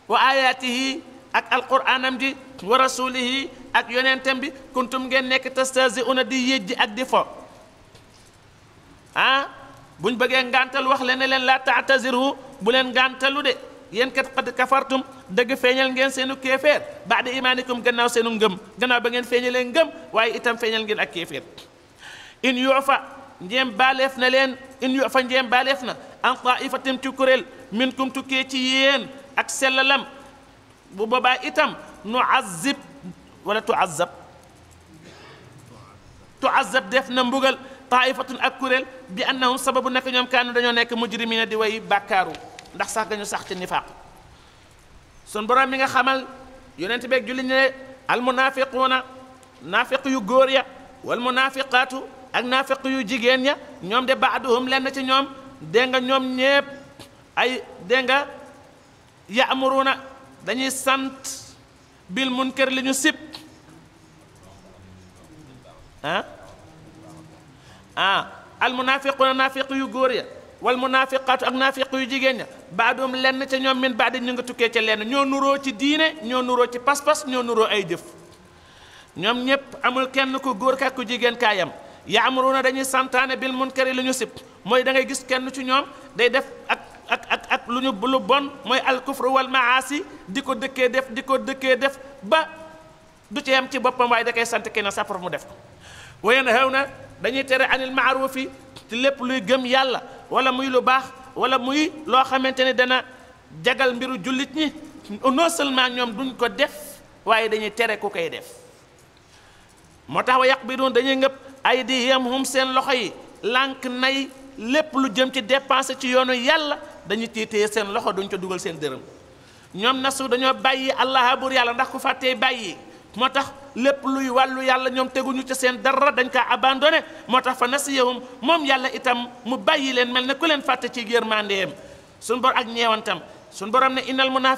wa ayaatihi ak alquraanam ji wa rasulihi ak yonentam bi kuntum ngeen nekk tastasi una di yéjji ak di fo ah buñ bëggee ngàntal wax leen ne leen laa taataziru bu leen ngàntalu de yéen kat qad kafartum dëgg feeñal ngeen seenu baa baada imaanikum gannaaw seenu ngëm gannaaw ba ngeen feeñalee ngëm waaye itam feeñal ngeen ak kéeféer in yoo fa njéem baaleef na leen in yoo fa njéem baaleef na an taifatim ci kuréel minkum tukkee ci yéen ak sellalam bu boobaa itam nu azib wala tu azab tu azab def na mbugal taaifatun ak kuréel bi annahum sababu nekk ñoom kaanu dañoo nekk mujrimina di way bàkkaaru ndax sax gañu sax ci nifaaq sun borom mi nga xamal yonent beeg julli ne almunaafiquuna naafiq yu góor ya wal munaafiqaatu ak naafiq yu jigéen ña ñoom de baaduhum lenn ci ñoom dégg nga ñoom ñépp ay dégg nga yaamuruuna dañuy sant bil munkar li ñu sib ah ah naa naafiq yu góor ya wal munaafiqaatu ak naafiq yu jigéen ña baadoom lenn ca ñoom min baadi ñu nga tukkee ca lenn ñoo nuroo ci diine ñoo nuroo ci pas-pas ñoo nuroo ay jëf ñoom ñépp amul kenn ku góor ka ku jigéen kaa yam na dañuy santaane bil munkari lu ñu sib mooy dangay gis kenn ci ñoom day def ak ak ak ak lu ñu lu bon mooy alkufru wal maasi di ko dëkkee def di ko dëkkee def ba du ci yam ci boppam waaye da koy sant kenn safar mu def ko dañuy tere anil maarufi ci lépp luy gëm yàlla wala muy lu baax wala muy loo xamante ne dana jagal mbiru jullit ñi non seulement ñoom duñ ko def waaye dañuy tere ku koy def moo tax wa yaqbiduun dañuy ngëpp ay di yem hum seen loxo yi lànk nay lépp lu jëm ci dépensé ci yoonu yàlla dañuy tiitee seen loxo duñ ko dugal seen dërëm ñoom nasu dañoo bàyyi allah yàlla ndax ku fàttee bàyyi moo tax lépp luy wàllu yàlla ñoom teguñu ci seen dara dañ ko abandonné moo tax fa nasiyahum moom yàlla itam mu bàyyi leen mel ne ku leen fàtte ci yërmandeem suñ bor ak ñeewantam suñu borom ne innal na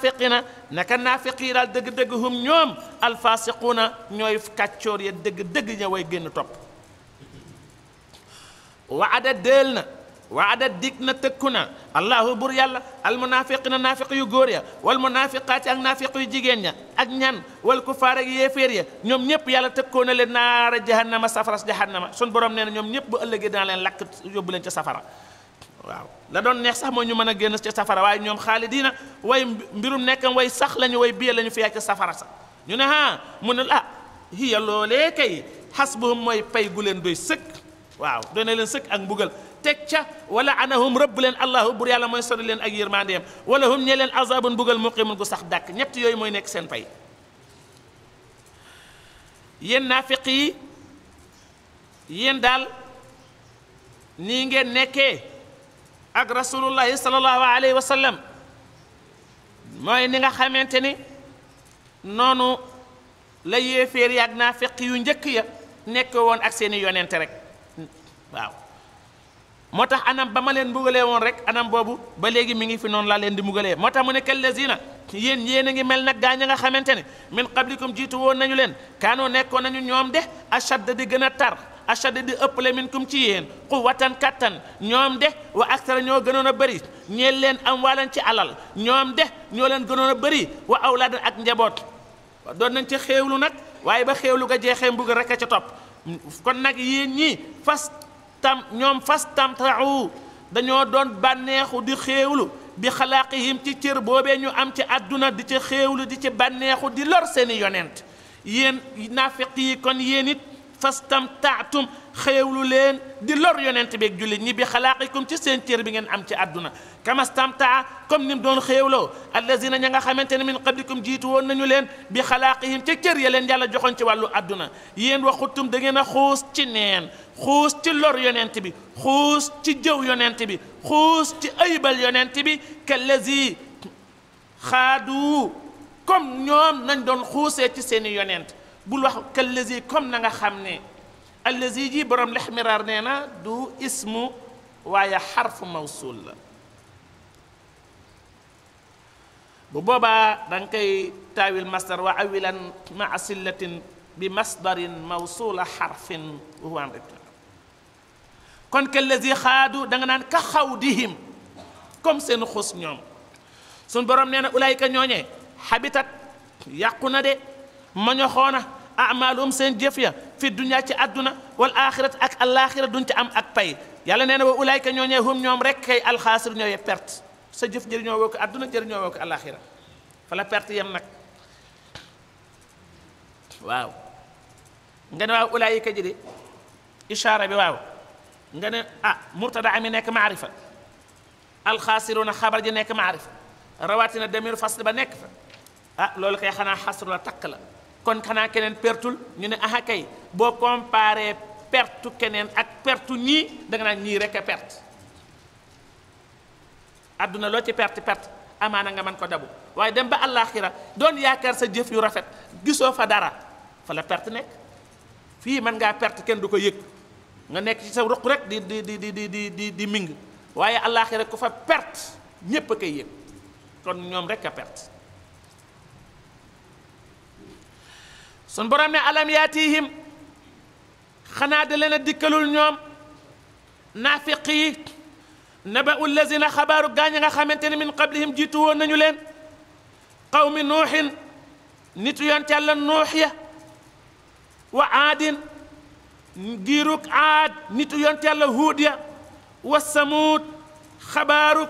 naka naafiq yi daal dëgg-dëgg hum ñoom na ñooy kàccoor ya dëgg-dëgg ña way génn topp waada del na waada dig na tëkku na allahu bur yàlla almunaafiqina naafiq yu góor ya wal munaafiqaati ak naafiq yu jigéen ña ak ñan wal kufaar ak yéeféer ya ñoom ñëpp yàlla tëkkoo na leen naara jahannama safaras jahannama sun borom nee na ñoom ñëpp bu ëllëgee dana leen lakk yóbbu leen ca safara waaw la doon neex sax mooy ñu mën a génn ca safara waaye ñoom xaalidiina way mbirum nekkam way sax lañu way biye lañu fiyaa ca safara sa ñu ne ah mu a ah hiya loolee kay mooy pay gu leen doy sëkk waaw doy na leen sëkk ak mbugal teg ca wala anahum rëbb leen allahu bur yàlla mooy sori leen ak yërmandeem wala hum ñe leen azabun bugal muqimun gu sax dàkk ñett yooyu mooy nekk seen pay yéen naafiq yi yéen daal nii ngeen nekkee ak rasulullahi sallallahu alayhi wa sallam mooy ni nga xamante ni noonu la yéeféer yi ak naafiq yu njëkk ya nekk woon ak seeni yonente rek waaw moo tax anam ba ma leen mbugalee woon rek anam boobu ba léegi mi ngi fi noonu laa leen di mbugalee moo tax mu ne kallazina yéen yéen a ngi mel nag gaañ a nga xamante ne min qablikum jiitu woon nañu leen kaanoo nekkoon nañu ñoom de ashadda di gën a tar ashadda di ëppale minkum ci yéen quwwatan kattan ñoom de wa aktara ñoo gënoon a bëri ñeel leen am leen ci alal ñoom de ñoo leen gënoon a bëri wa awlaadan ak njaboot doon nañ ci xéewlu nag waaye ba xéewlu ga jeexee mbugal rek a ca topp tam ñoom fas tamtaxu dañoo doon bànneexu di xéewlu bi xalaaqihim ci cër boobee ñu am ci àdduna di ci xéewlu di ci bànneexu di lor seeni yonent yéen naafiq yi kon yéen it fas tamtaatum xéewlu leen di lor yonent bi ak jullit ñi bi xalaaqikum ci seen cër bi ngeen am ci àdduna kamastamtaa comme ni mu doon xéewloo allazina ña nga xamante ne min qablikum jiitu woon nañu leen bi xalaaqihim ca cër ya leen yàlla joxoon ci wàllu adduna yéen waxutum da ngeen a xuus ci neen xuus ci lor yonent bi xuus ci jëw yonent bi xuus ci ayibal yonent bi kallazi xaadu comme ñoom nañ doon xuusee ci seeni yonent bul wax kallazi comme na nga xam ne allazi ji borom lexmiraar nee na du ismu waaye xarfu mawsul la bu boobaa da nga koy taawil masdar wa awilan maa sillatin bi masdarin mawsula xarfin huwa kon que allazi xaadu da naan ka xawdihim comme seen xus ñoom suñ borom nee na ulaayka ñooñee xabitat yàqu na de mañoxoona amaaluhum seen jëf ya fi dunya ci àdduna wal aaxirat ak alaaxira duñ ci am ak pay yàlla nee na wa ñoo ñooñee hum ñoom rek kay alxaasir ñooy perte sa jëf jëriñoo woo ko àdduna jëriñoo woo ko alaaxira fa la perte yem nag waaw nga waaw ulaayka ji de ishaara bi waaw nga ne ah murtada ami nekk maarifa alxaasiruna xabar ji nekk maarifa rawatina demir fasl ba nekk fa ah loolu kay xanaa xasru la takk la kon xanaa keneen pertul ñu ne aha kay boo comparé pertu keneen ak pertu ñii da nga naan ñii rek a perte àdduna loo ci perte perte amaana nga mën ko dabu waaye dem ba àllaaxira doon yaakaar sa jëf yu rafet gisoo fa dara fa la perte nekk fii mën ngaa pert kenn du ko yëg nga nekk ci sa ruq rek di di di di di di di ming waaye àllaaxira ku fa perte ñépp a koy yëg kon ñoom rek a perte sun borom ne alam yaatihim xanaa da leen a dikkalul ñoom naafiq yi naba ullazina xabaaru gaañ nga xamante ne min qablihim jiitu woon nañu leen qawmi nuuxin nitu yonent yàlla nuux ya wa aadin giirug aad nitu yonent yàlla huud ya wa samuud xabaarug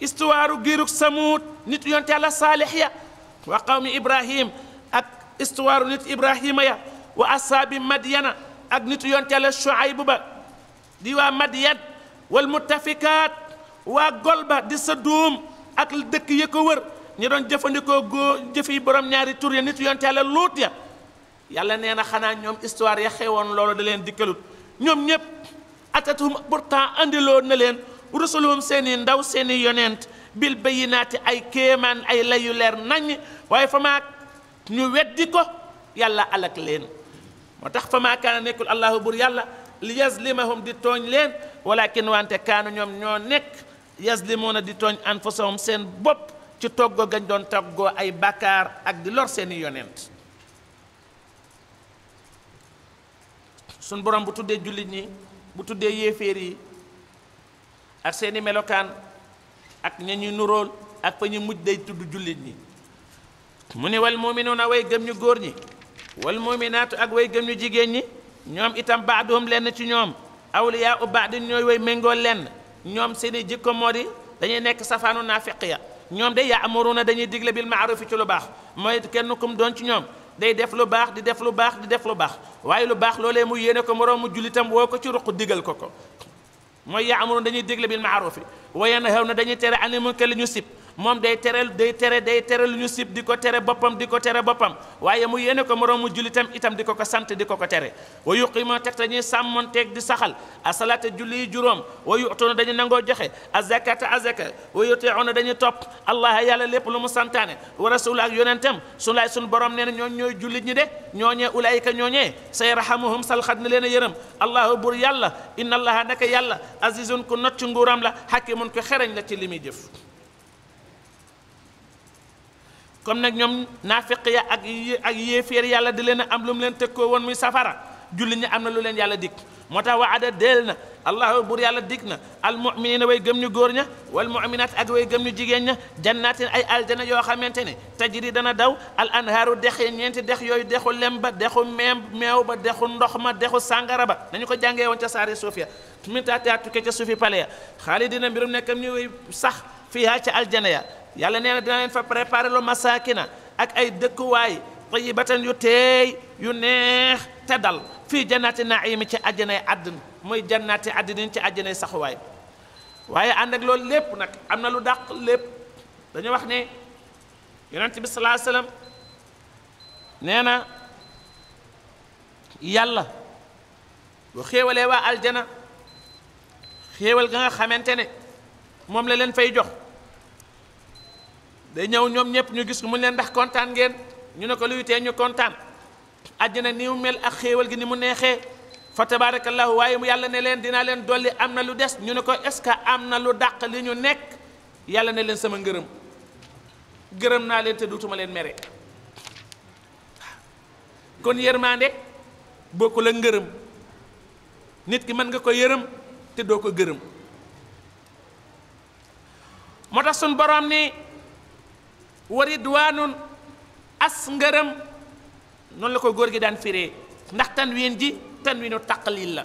istuwaaru giirug samuud nitu yonent yàlla saalix ya wa qawmi ibrahim histoire nit Ibrahima ya wa asaabi Madyana ak nitu yonte Yàlla Shuayb ba di waa Madyan wal muttafikaat waa gol ba di Sadoum ak dëkk ya ko wër ñu doon jëfandikoo góor jëf yi borom ñaari tur ya nitu yonte Yàlla Luut ya yàlla nee na xanaa ñoom histoire ya xewoon loolu da leen dikkalut ñoom ñëpp atathum pourtant andiloo na leen rusuluhum seeni ndaw seeni yonent bil bayyinaati ay kéemaan ay layu leer naññ waaye fa maa ñu weddi ko yàlla alak leen moo tax fa maa kaana nekkul allahu bur yàlla li yazlimahum di tooñ leen walakin wante kaanu ñoom ñoo nekk yazlimuuna di tooñ anfusahum seen bopp ci toggoo gañ doon toggoo ay bàkkaar ak di lor seeni yonent suñ borom bu tuddee jullit ñi bu tuddee yéeféer yi ak seeni melokaan ak ña ñuy nuróol ak fa ñu mujj day tudd jullit ñi mu ne wal a way gëm ñu góor ñi wal muminaatu ak way gëm ñu jigéen ñi ñoom itam baaduhum lenn ci ñoom awliyaa u baadin ñooy way méngoo lenn ñoom seeni jikko moo di dañuy nekk safaanu naafiq ya ñoom de yaamuruuna dañuy digle bil maarufi ci lu baax mooy kenn kum doon ci ñoom day def lu baax di def lu baax di def lu baax waaye lu baax loolee mu yéene ko moroom mu jullitam woo ko ci ruq digal ko ko mooy yaamuruuna dañuy digle bil maarufi wa yanhawna dañuy tere anil munkar li ñu moom day tere day tere day tere lu ñu sib di ko tere boppam di ko tere boppam waaye mu yéene ko moroom moroomu jullitam itam di ko ko sant di ko ko tere wa yuqiima teg te ñuy sàmmonteeg di saxal asalaata julli yi juróom wa yutuuna dañu nangoo joxe azakata azaka wa yutiuna dañuy topp allah yàlla lépp lu mu santaane wa rasul ak yonentam su laay suñ borom nee na ñooñ ñooy jullit ñi de ñooñee ulaayika ñooñee sayrahamuhum salxat na leen a yërëm allahu bur yàlla inna allaha naka yàlla azizun ku not ci nguuram la hakimun ko xereñ la ci li muy jëf comme nag ñoom naafeq ya ak ak yéeféer yàlla di leen a am lu mu leen koo woon muy safara julli ñi am na lu leen yàlla dikk moo tax waada deel na allahu buur yàlla dig na almuminina way gëm ñu góor ña wal muminat ak way gëm ñu jigéen ña jannatin ay aljana yoo xamante ne tajri dana daw al anhaaru dex ya ñeenti dex yooyu dexu lem ba dexu meem meew ba dexu ndox ma dexu sàngara ba nañu ko jàngee woon ca saare suuf ya min taatiha tukkee ca suufi pale ya xaalidina mbirum nekkam ñu way sax fiiha ca aljana ya yàlla nee na dina leen fa préparé lu masaakina ak ay dëkkuwaay tayibatan yu teey yu neex te dal fii jannaati naimi ci àjjanay àddin muy jannaati àddinin ci àjjanay saxuwaay waaye ànd ak loolu lépp nag am na lu dàq lépp dañu wax ne yonent bi salaa sallam nee na yàlla bu xéewalee waa aljana xéewal ga nga xamante ne moom la leen fay jox day ñëw ñoom ñëpp ñu gis ko mu leen ndax kontaan ngeen ñu ne ko luy tee ñu kontaan àjjana ni mu mel ak xéewal gi ni mu neexee fa tabarakallahu waaye mu yàlla ne leen dinaa leen dolli am na lu des ñu ne ko est-ce que am na lu dàq li ñu nekk yàlla ne leen sama ngërëm gërëm naa leen te duutuma leen mere kon yërmaande bokkul ak ngërëm nit ki mën nga ko yërëm te doo ko gërëm moo tax suñ boroom ni wa ridwaanun as ngërëm noonu la ko góor gi daan firee ndax tanwiin ji tanwiinu taqlil la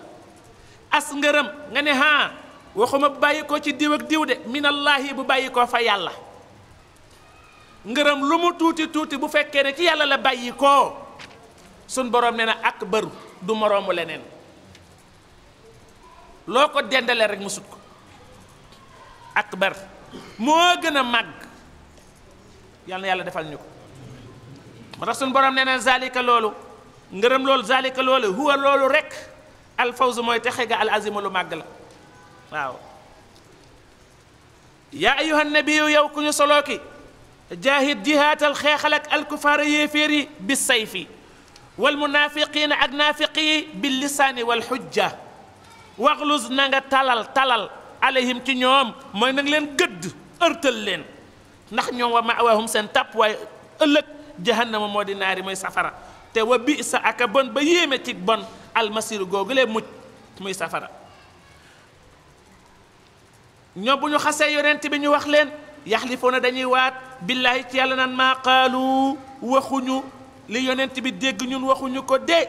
as ngërëm nga ne haa waxuma bàyyi ko ci diw ak diw de minallaahi bu bàyyi ko fa yàlla ngërëm lu mu tuuti tuuti bu fekkee ne ci yàlla la bàyyi koo sun boroom nee na ak bëru du moroomu leneen loo ko dendale rek mu sut ko akbar moo gën a màgg yal yàlla defal ñu ko moo tax suñu borom nee na zalika loolu ngërëm loolu zalika loolu huwa loolu rek alfawzu mooy texe ga al azima lu màgg la waaw yaa ayyuhan nabiyu yow ku ñu soloo ki jaahid jihaatal xeexal ak alkufaara yéeféer yi bi sayfi wal munaafiqiina ak naafiqi yi bi lisaani wal xujja waxlus na talal talal alayhim ci ñoom mooy na leen gëdd ërtal leen ndax ñoom wa mawaahum seen tàpp waaye ëllëg jahannama moo di naari muy safara te wa bi sa aka bon ba yéeme ci bon almasiru googulee mucc muy safara ñoom bu ñu xasee yonent bi ñu wax leen yaxlifuuna dañuy waat billaahi ci yàlla naan maa qaalu waxuñu li yonent bi dégg ñun waxuñu ko dee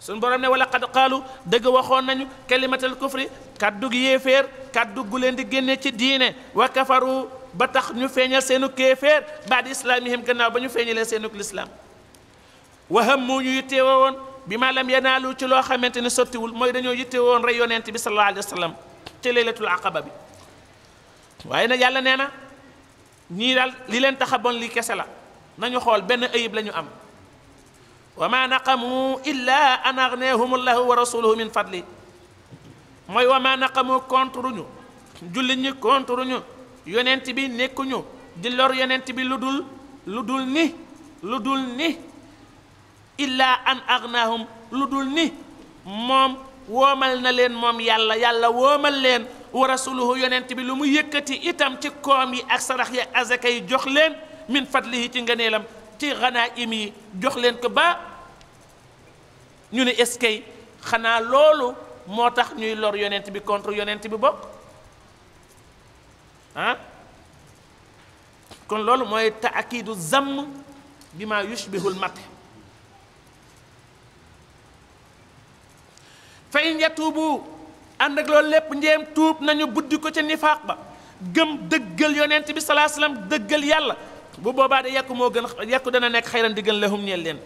suñ borom ne walla xad qaalu dëgg waxoon nañu kalimatal kufri kàddug yéeféer kàddug gu leen di génne ci diine wa kafaru ba tax ñu feeñal seenu kéeféer baad islaamihim gannaaw ba ñu feeñalee seenuk lislaam wa hammu ñu yitte woon bi ma lam yanaalu ci loo xamante ne sottiwul mooy dañoo yitte woon rey yonent bi sallallahu alayhi wa sallam ci laylatul aqaba bi waaye nag yàlla nee na ñii daal li leen tax a bon li kese la nañu xool benn ayib lañu am wa ma naqamu illa an agneehum allahu wa rasuluhu min fadli mooy wa ma naqamu contre ñu jullit ñi contre ñu yonent bi nekkuñu di lor yonent bi lu dul lu dul ni lu dul ni illa an agnaahum lu dul ni moom woomal na leen moom yàlla yàlla woomal leen wa rasuluhu yonent bi lu mu yëkkati itam ci koom yi ak sarax yi ak azaka yi jox leen min fadlihi ci ngëneelam ci xanaa im yi jox leen ko ba ñu ne est-ce xanaa loolu moo tax ñuy lor yonent bi contre yonent bi bokk ah kon loolu mooy taakiidu zamm bi ma yushbihul mat fa in bu ànd ak loolu lépp njéem tuub nañu buddi ko ca nifaaq ba gëm dëggal yonent bi salaa salaam dëggal yàlla bu boobaa de yàqu moo gën yàqu dana nekk xayran di gën lahum ñeel leen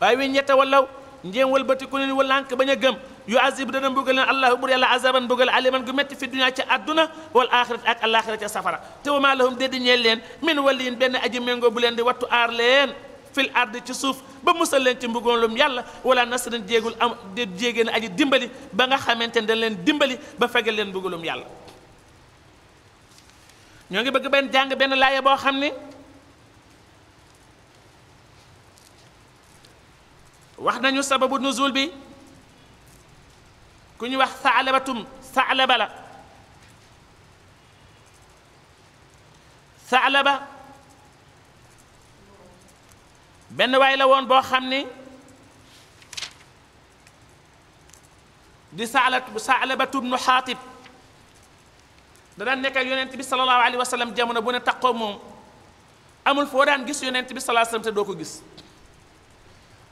waaye wi ñette wallaw ngeen wëlbati ku leen wëlànk bañ a gëm yu azib dana mbugal leen allahu bur yàlla azaban mbugal aliman gu métti fi dunya ca àdduna wal axirati ak alaxira ca safara te wa maa lahum dédi ñeel leen min waliyin benn aji méngoo bu leen di wattu aar leen fil ardi ci suuf ba musal leen ci mbugalum yàlla wala nasrin jéegul am jéegee na aji dimbali ba nga xamante ne dañ leen dimbali ba fegal leen mbugalum yàlla ñoo ngi bëgg benn jàng benn laaya boo xam ne wax nañu sababu nuzul bi ku ñu wax saalabatum saalaba la saalaba benn waay la woon boo xam ni di saala saalabatum nu xaatib dana nekk ak yonent bi sallallahu alayhi wa sallam jamono bu ne taqoo moom amul foo daan gis yonent bi sallallahu alayhi te doo ko gis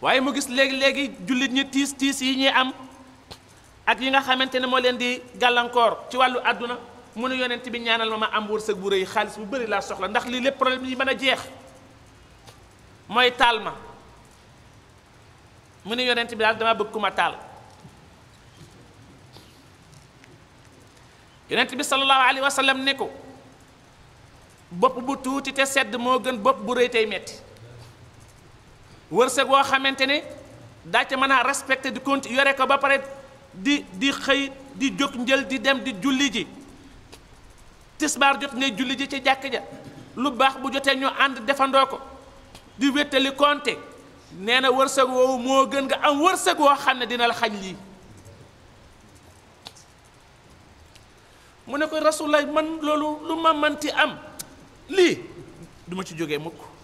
waaye mu gis léegi-léegi jullit ñi tiis tiis yi ñuy am ak yi nga xamante ne moo leen di gàllankoor ci wàllu àdduna mu ne yonent bi ñaanal ma ma am wërsëg bu rëy xaalis bu bëri laa soxla ndax lii lépp problème yi mën a jeex mooy taal ma mu ne yonent bi daal dama bëgg ku ma taal yonent bi sallallahu alayhi wa sallam ne ko bopp bu tuuti te sedd moo gën bopp bu rëy tey metti wërsëg woo xamante ne daa ca mën a respecté di conti yore ko ba pare di di xëy di jóg njël di dem di julli ji tisbaar jot ngay julli ji ci jàkk ja lu baax bu jotee ñu ànd defandoo ko di wéttali konte nee na wërsëg woowu moo gën nga am wërsëg woo xam ne dina la xañ lii mu ne ko rasulullah man loolu lu ma manti am lii duma ci jóge mukk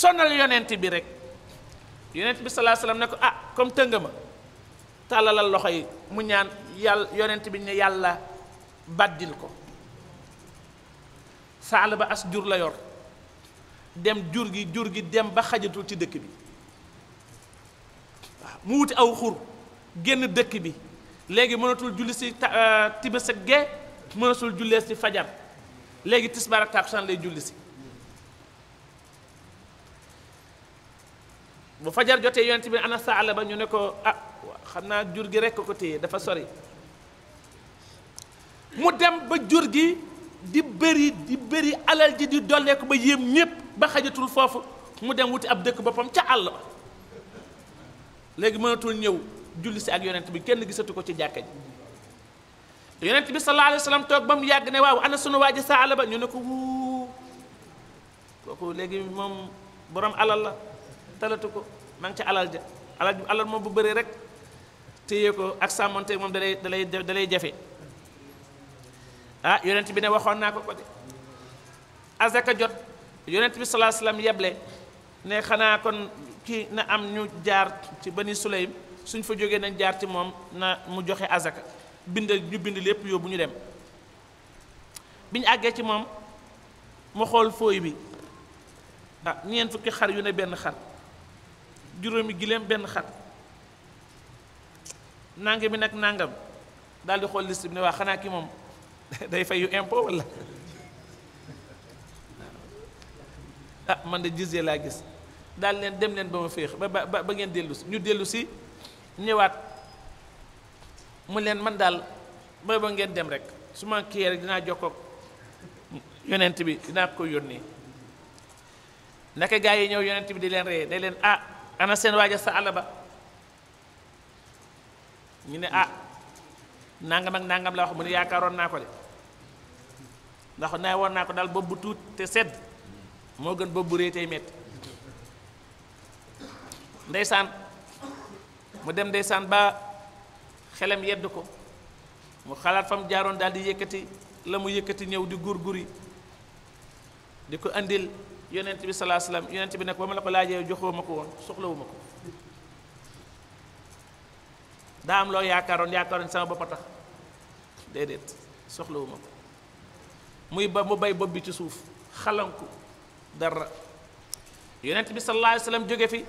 sonal yonent bi rek yonent bi salaa salaam ne ko ah comme tëng ma tàllalal loxo yi mu ñaan yàlla yonent bi ne yàlla baddil ko saal ba as jur la yor dem jur gi jur gi dem ba xajatul ci dëkk bi waaw mu wuti aw xur génn dëkk bi léegi mënatul julli si euh, tibës ak gee mënatul jullee si fajar léegi tisbaar ak takkusaan lay julli si bu fajar jotee yonent bi ana saala ba ñu ne ko ah xam naa jur gi rekk ko téye dafa sori mu dem ba jur gi di bëri di bëri alal ji di dolleeku ba yéem ñépp ba xajatul foofu mu dem wuti ab dëkk boppam ca àll ba léegi mënatul ñëw julli si ak yonent bi kenn gisatu ko ci jàkka ji yonent bi sallallahu alayhi wa ba mu yàgg ne waaw ana sunu waa ji saala ba ñu ne ko wuu kooku léegi moom borom alal la talatu ko ma ngi ca alal ja alal alal moom bu bëree rek téye ko ak sàmmonte moom dalay dalay dalay jafe ah yonent bi ne waxoon naa ko ko de azaka jot yonent bi salaa salaam yeble ne xanaa kon kii na am ñu jaar ci bani Suleym suñ fa jógee nañ jaar ci moom na mu joxe azaka bind ñu bind lépp yow bu ñu dem biñ àggee ci moom mu xool fooy bi ah ñeent fukki xar yu ne benn xar juróomi giléem benn xar nangam bi nag nangam daal di xool liste bi ne waa xanaa ki moom day fay yu impôt wala ah man de gisee laa gis daal leen dem leen ba ma féex ba ba ba ngeen dellu si ñu dellu si ñëwaat mu leen man daal ba ba ngeen dem rek su ma kii rek dinaa jokkoog yonent bi dinaa ko yónnee naka gaa yi ñëw yonent bi di leen reye day leen ah. ana seen waaja sa àll ba ñu ne ah nangam ak nangam la wax mu ne yaakaaroon naa ko de ndax naa woon naa ko daal bopp bu tuut te sedd moo gën bopp bu rëy tey metti ndeysaan mu dem ndeysaan ba xelam yedd ko mu xalaat fa mu jaaroon daal di yëkkati la mu yëkkati ñëw di gur guri di ko indil yonent bi salaa salaam yonent bi ne ko ba ma la ko laajee joxoo ma ko woon soxlawu ma ko daa am loo yaakaaroon yaakaaroon sama bopp a tax déedéet soxlawu ma ko muy ba mu bay bopp bi ci suuf xalanku dara yonent bi salaa salaam jóge fi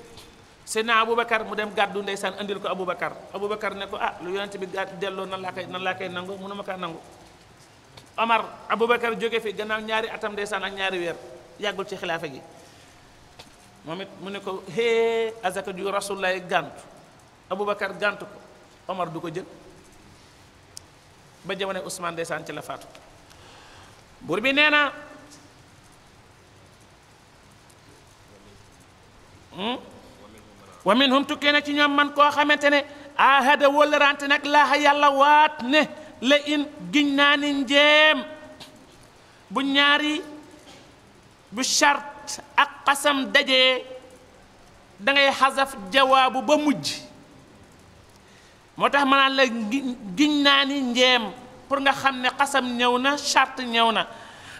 Seydina Aboubacar mu dem gàddu ndeysaan andil ko Aboubacar Aboubacar ne ko ah lu yonent bi gàdd delloo nan laa koy nan laa koy nangu mënuma kaa nangu Omar Aboubacar jóge fi gannaaw ñaari atam ndeysaan ak ñaari weer. yàggul ci xilaafa gi moom it mu ne ko hee azaka ju rasululay gàntu aboubacar gàntu ko omar du ko jël ba jamono ousmane ndeysaan ci la faatu buur bi nee na hmm? wa minhum tukkee na ci ñoom man koo xamante ne ahada wóllërante nag laaxa yàlla waat ne la in giñ naa ni njeem bu ñaari bu charte ak xasam daje dangay ngay xasaf jawaabu ba mujj moo tax ma naan la giñ naa ni njeem pour nga xam ne xasam ñëw na charte ñëw na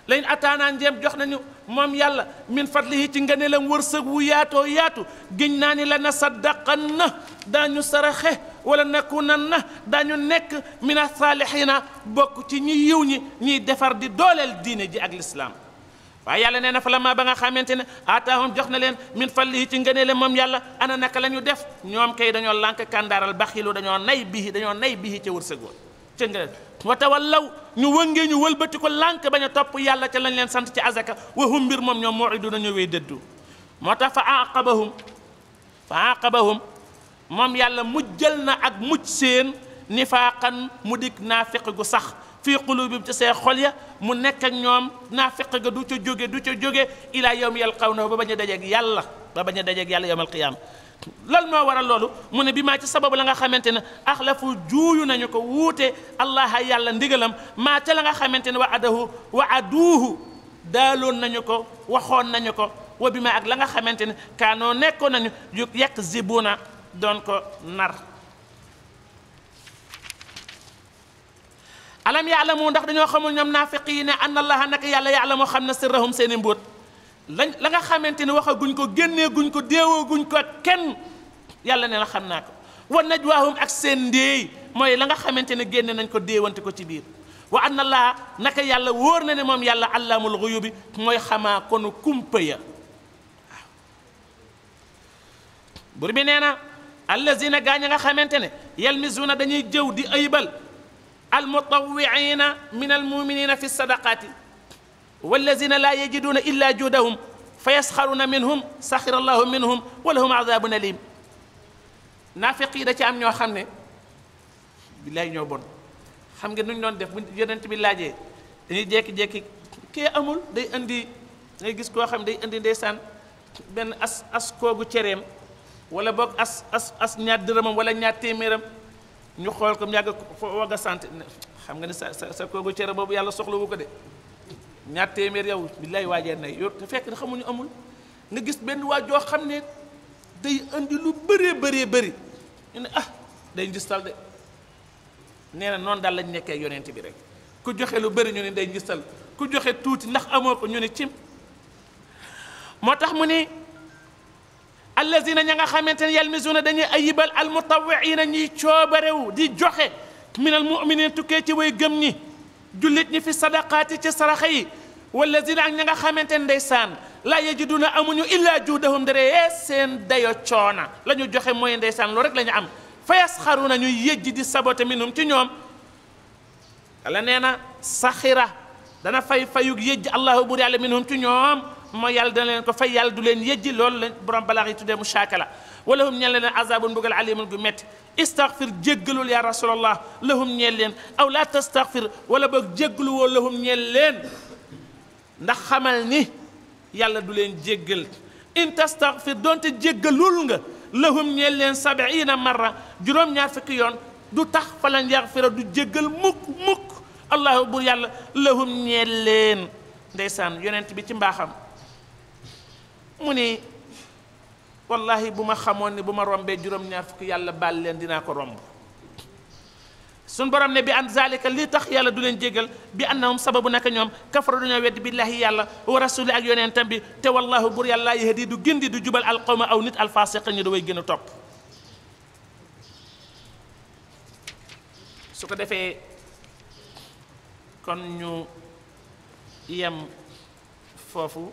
lañ ataanaa njeem jox nañu moom yàlla min fadlihi ci ngëneelam wërsëg wu yaatoo yaatu giñ naa ni la na saddaqan na daañu saraxe wala nakunan na daañu nekk mina saalihina bokk ci ñi yiw ñi ñuy defar di dooleel diine ji ak lislaam waaye yàlla nee na fa la ba nga xamante ne aataahum jox na leen min fadlihi ci ngëneelam moom yàlla ana naka la ñu def ñoom kay dañoo lànk kàndaaral baxilu dañoo nay bihi dañoo nay bihi ca wërsëg wa ca ngëneel wa law ñu wëngee ñu wëlbati lànk bañ a topp yàlla ca lañ leen sant ci azaka wa mbir moom ñoom moo muriduna ñu wéy dëddu moo tax fa aqabahum fa aqabahum moom yàlla mujjal na ak mujj seen nifaaqan mu dig naafiq gu sax fii qulubihim ca seen xol ya mu nekk ak ñoom naafiq ga du ca jóge du ca jóge ilaa yawmi yalqawnahu ba bañ a dajeeg yàlla ba bañ a dajeeg yàlla yawmal qiyaama lan moo waral loolu mu ne bi maa ci sababu la nga xamante ne axlafu juuyu nañu ko wuute allah yàlla ndigalam maa ca la nga xamante ne wa adahu wa aduuhu daaloon nañu ko waxoon nañu ko wa bi ma ak la nga xamante ne kaanoo nekkoon nañu yu yekk zibuna doon ko nar alam yaalamu ndax dañoo xamul ñoom naafiq yi ne anna allaha naka yàlla yaalamu xam na seen seen i mbóot lañ la nga xamante ni waxaguñ ko génnee guñ ko déewoo ko kenn yàlla ne la xam naa ko wa najwaahum ak seen ndéey mooy la nga xamante ne génne nañ ko déewante ko ci biir wa anna allaha naka yàlla wóor na ne moom yàlla allaamul xuyubi mooy xamaa konu kumpa ya bur bi nee na allazina gaañ a nga xamante ne yalmisuuna dañuy jëw di ayibal almutawwiina min almuminina fi sadaqaati wallazina laa yajiduuna illa juhdahum fa yasxaruuna minhum saxira allahu minhum wa lahum adabun alim naafiq yi da ci am ñoo xam ne billaay ñoo bon xam nga nuñ doon def bu yonent bi laajee dañuy jékki-jékki kee amul day indi ngay gis koo xam day indi ndeysaan benn as as koogu cereem wala boog as as ñaar dërëmam wala ñaar téeméeram ñu xool ko mu yàgg wagg a sant xam nga ne sa sa sa kooku cere boobu yàlla soxlawu ko de ñaar téeméer yow billaay waajee nay yor te fekk ne xamuñu amul nga gis benn waaj joo xam ne day indi lu bëree bëree bari ñu ne ah day njistal de nee na noon daal lañ nekkee yonent bi rek ku joxe lu bari ñu ne day ngistal ku joxe tuuti ndax amoo ko ñu ne cim moo tax mu ne allazina ña nga xamante ne yalmisuuna dañuy ayibal almutawiina ñuy coobarewu di joxe minal muminin tukkee ci way gëm ñi jullit ñi fi sadaqaati ci saraxa yi wallazina ak ña nga xamante ne ndeysaan laa yajiduna amuñu illaa juudahum dere seen dayo coona la ñu joxe mooy ndeysaan loolu rek lañu am fa yasxaruna ñu yëjj di sabote minhum ci ñoom yàlla nee na saxira dana fay fayug yëjj allahu bur yàlla minhum ci ñoom mooy yàlla dana leen ko fay yàlla du leen yëjji loolu la borom balaax yi tuddee mu shaakala wala hum ñeel leen azabun mbugal alimun gu metti istaghfir jéggalul ya rasulallah lahum ñeel leen aw la tastaghfir wala ba jéggalu woo lahum ñeel leen ndax xamal ni yàlla du leen jéggal in tastaghfir doonte jéggalul nga lahum ñeel leen sabiina marra juróom-ñaar fukki yoon du tax falan yaxfira du jéggal mukk mukk allahu buur yàlla lahum ñeel leen ndeysaan yonent bi ci mbaaxam mu ni wallahi bu ma xamoon ne bu ma rombee juróom-ñaar fukk yàlla baal leen dinaa ko romb suñ borom ne bi an zalika li tax yàlla du leen jégal bi annahum sababu naka ñoom kafara dañoo weddi billaahi yàlla wa rasuli ak yonentam bi te wallaahu bur yàlla yahdi du gindi du jubal alqawma aw nit alfasiqa ñu da way gën a topp su ko defee kon ñu yem foofu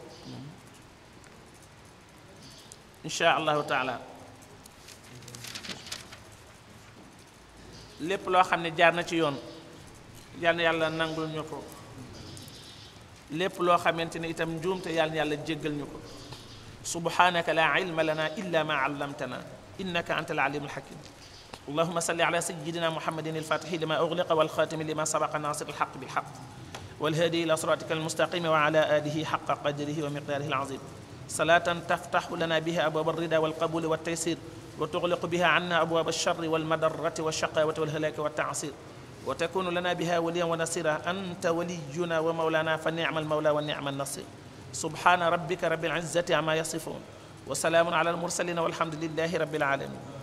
incha allahu taala lépp loo xam ne jaar na ci yoon yal na yàlla nangul ñu ko lépp loo xamante ne itam njuumte yal na yàlla jéggal ñu ko subhanaka la ilma lana illa ma allamtana innaka anta al alimul hakim allahuma salli ala sayidina muhammadin alfatixi lima uxliqa walxaatimi lima sabaqa nasir alxaq bilxaq walhaadi ila siratika almustaqimi wa ala alihi xaqa qadrihi wa miqdaarihi alazim salaatan taftaxu lana biha abwaab alrida walqabuli waltaysir wa tuxliqu biha anna abwaab alcharri walmadarati walchaqawati walhalaaki waltaasir wa takunu lana biha waliyan wa nasira anta waliyuna wa mawlana fa nicma almawla wa nicma alnasir subhana rabbika rabbil izzati ama yasifun wa salaamun ala almursalina walhamdulillahi rabbil alamin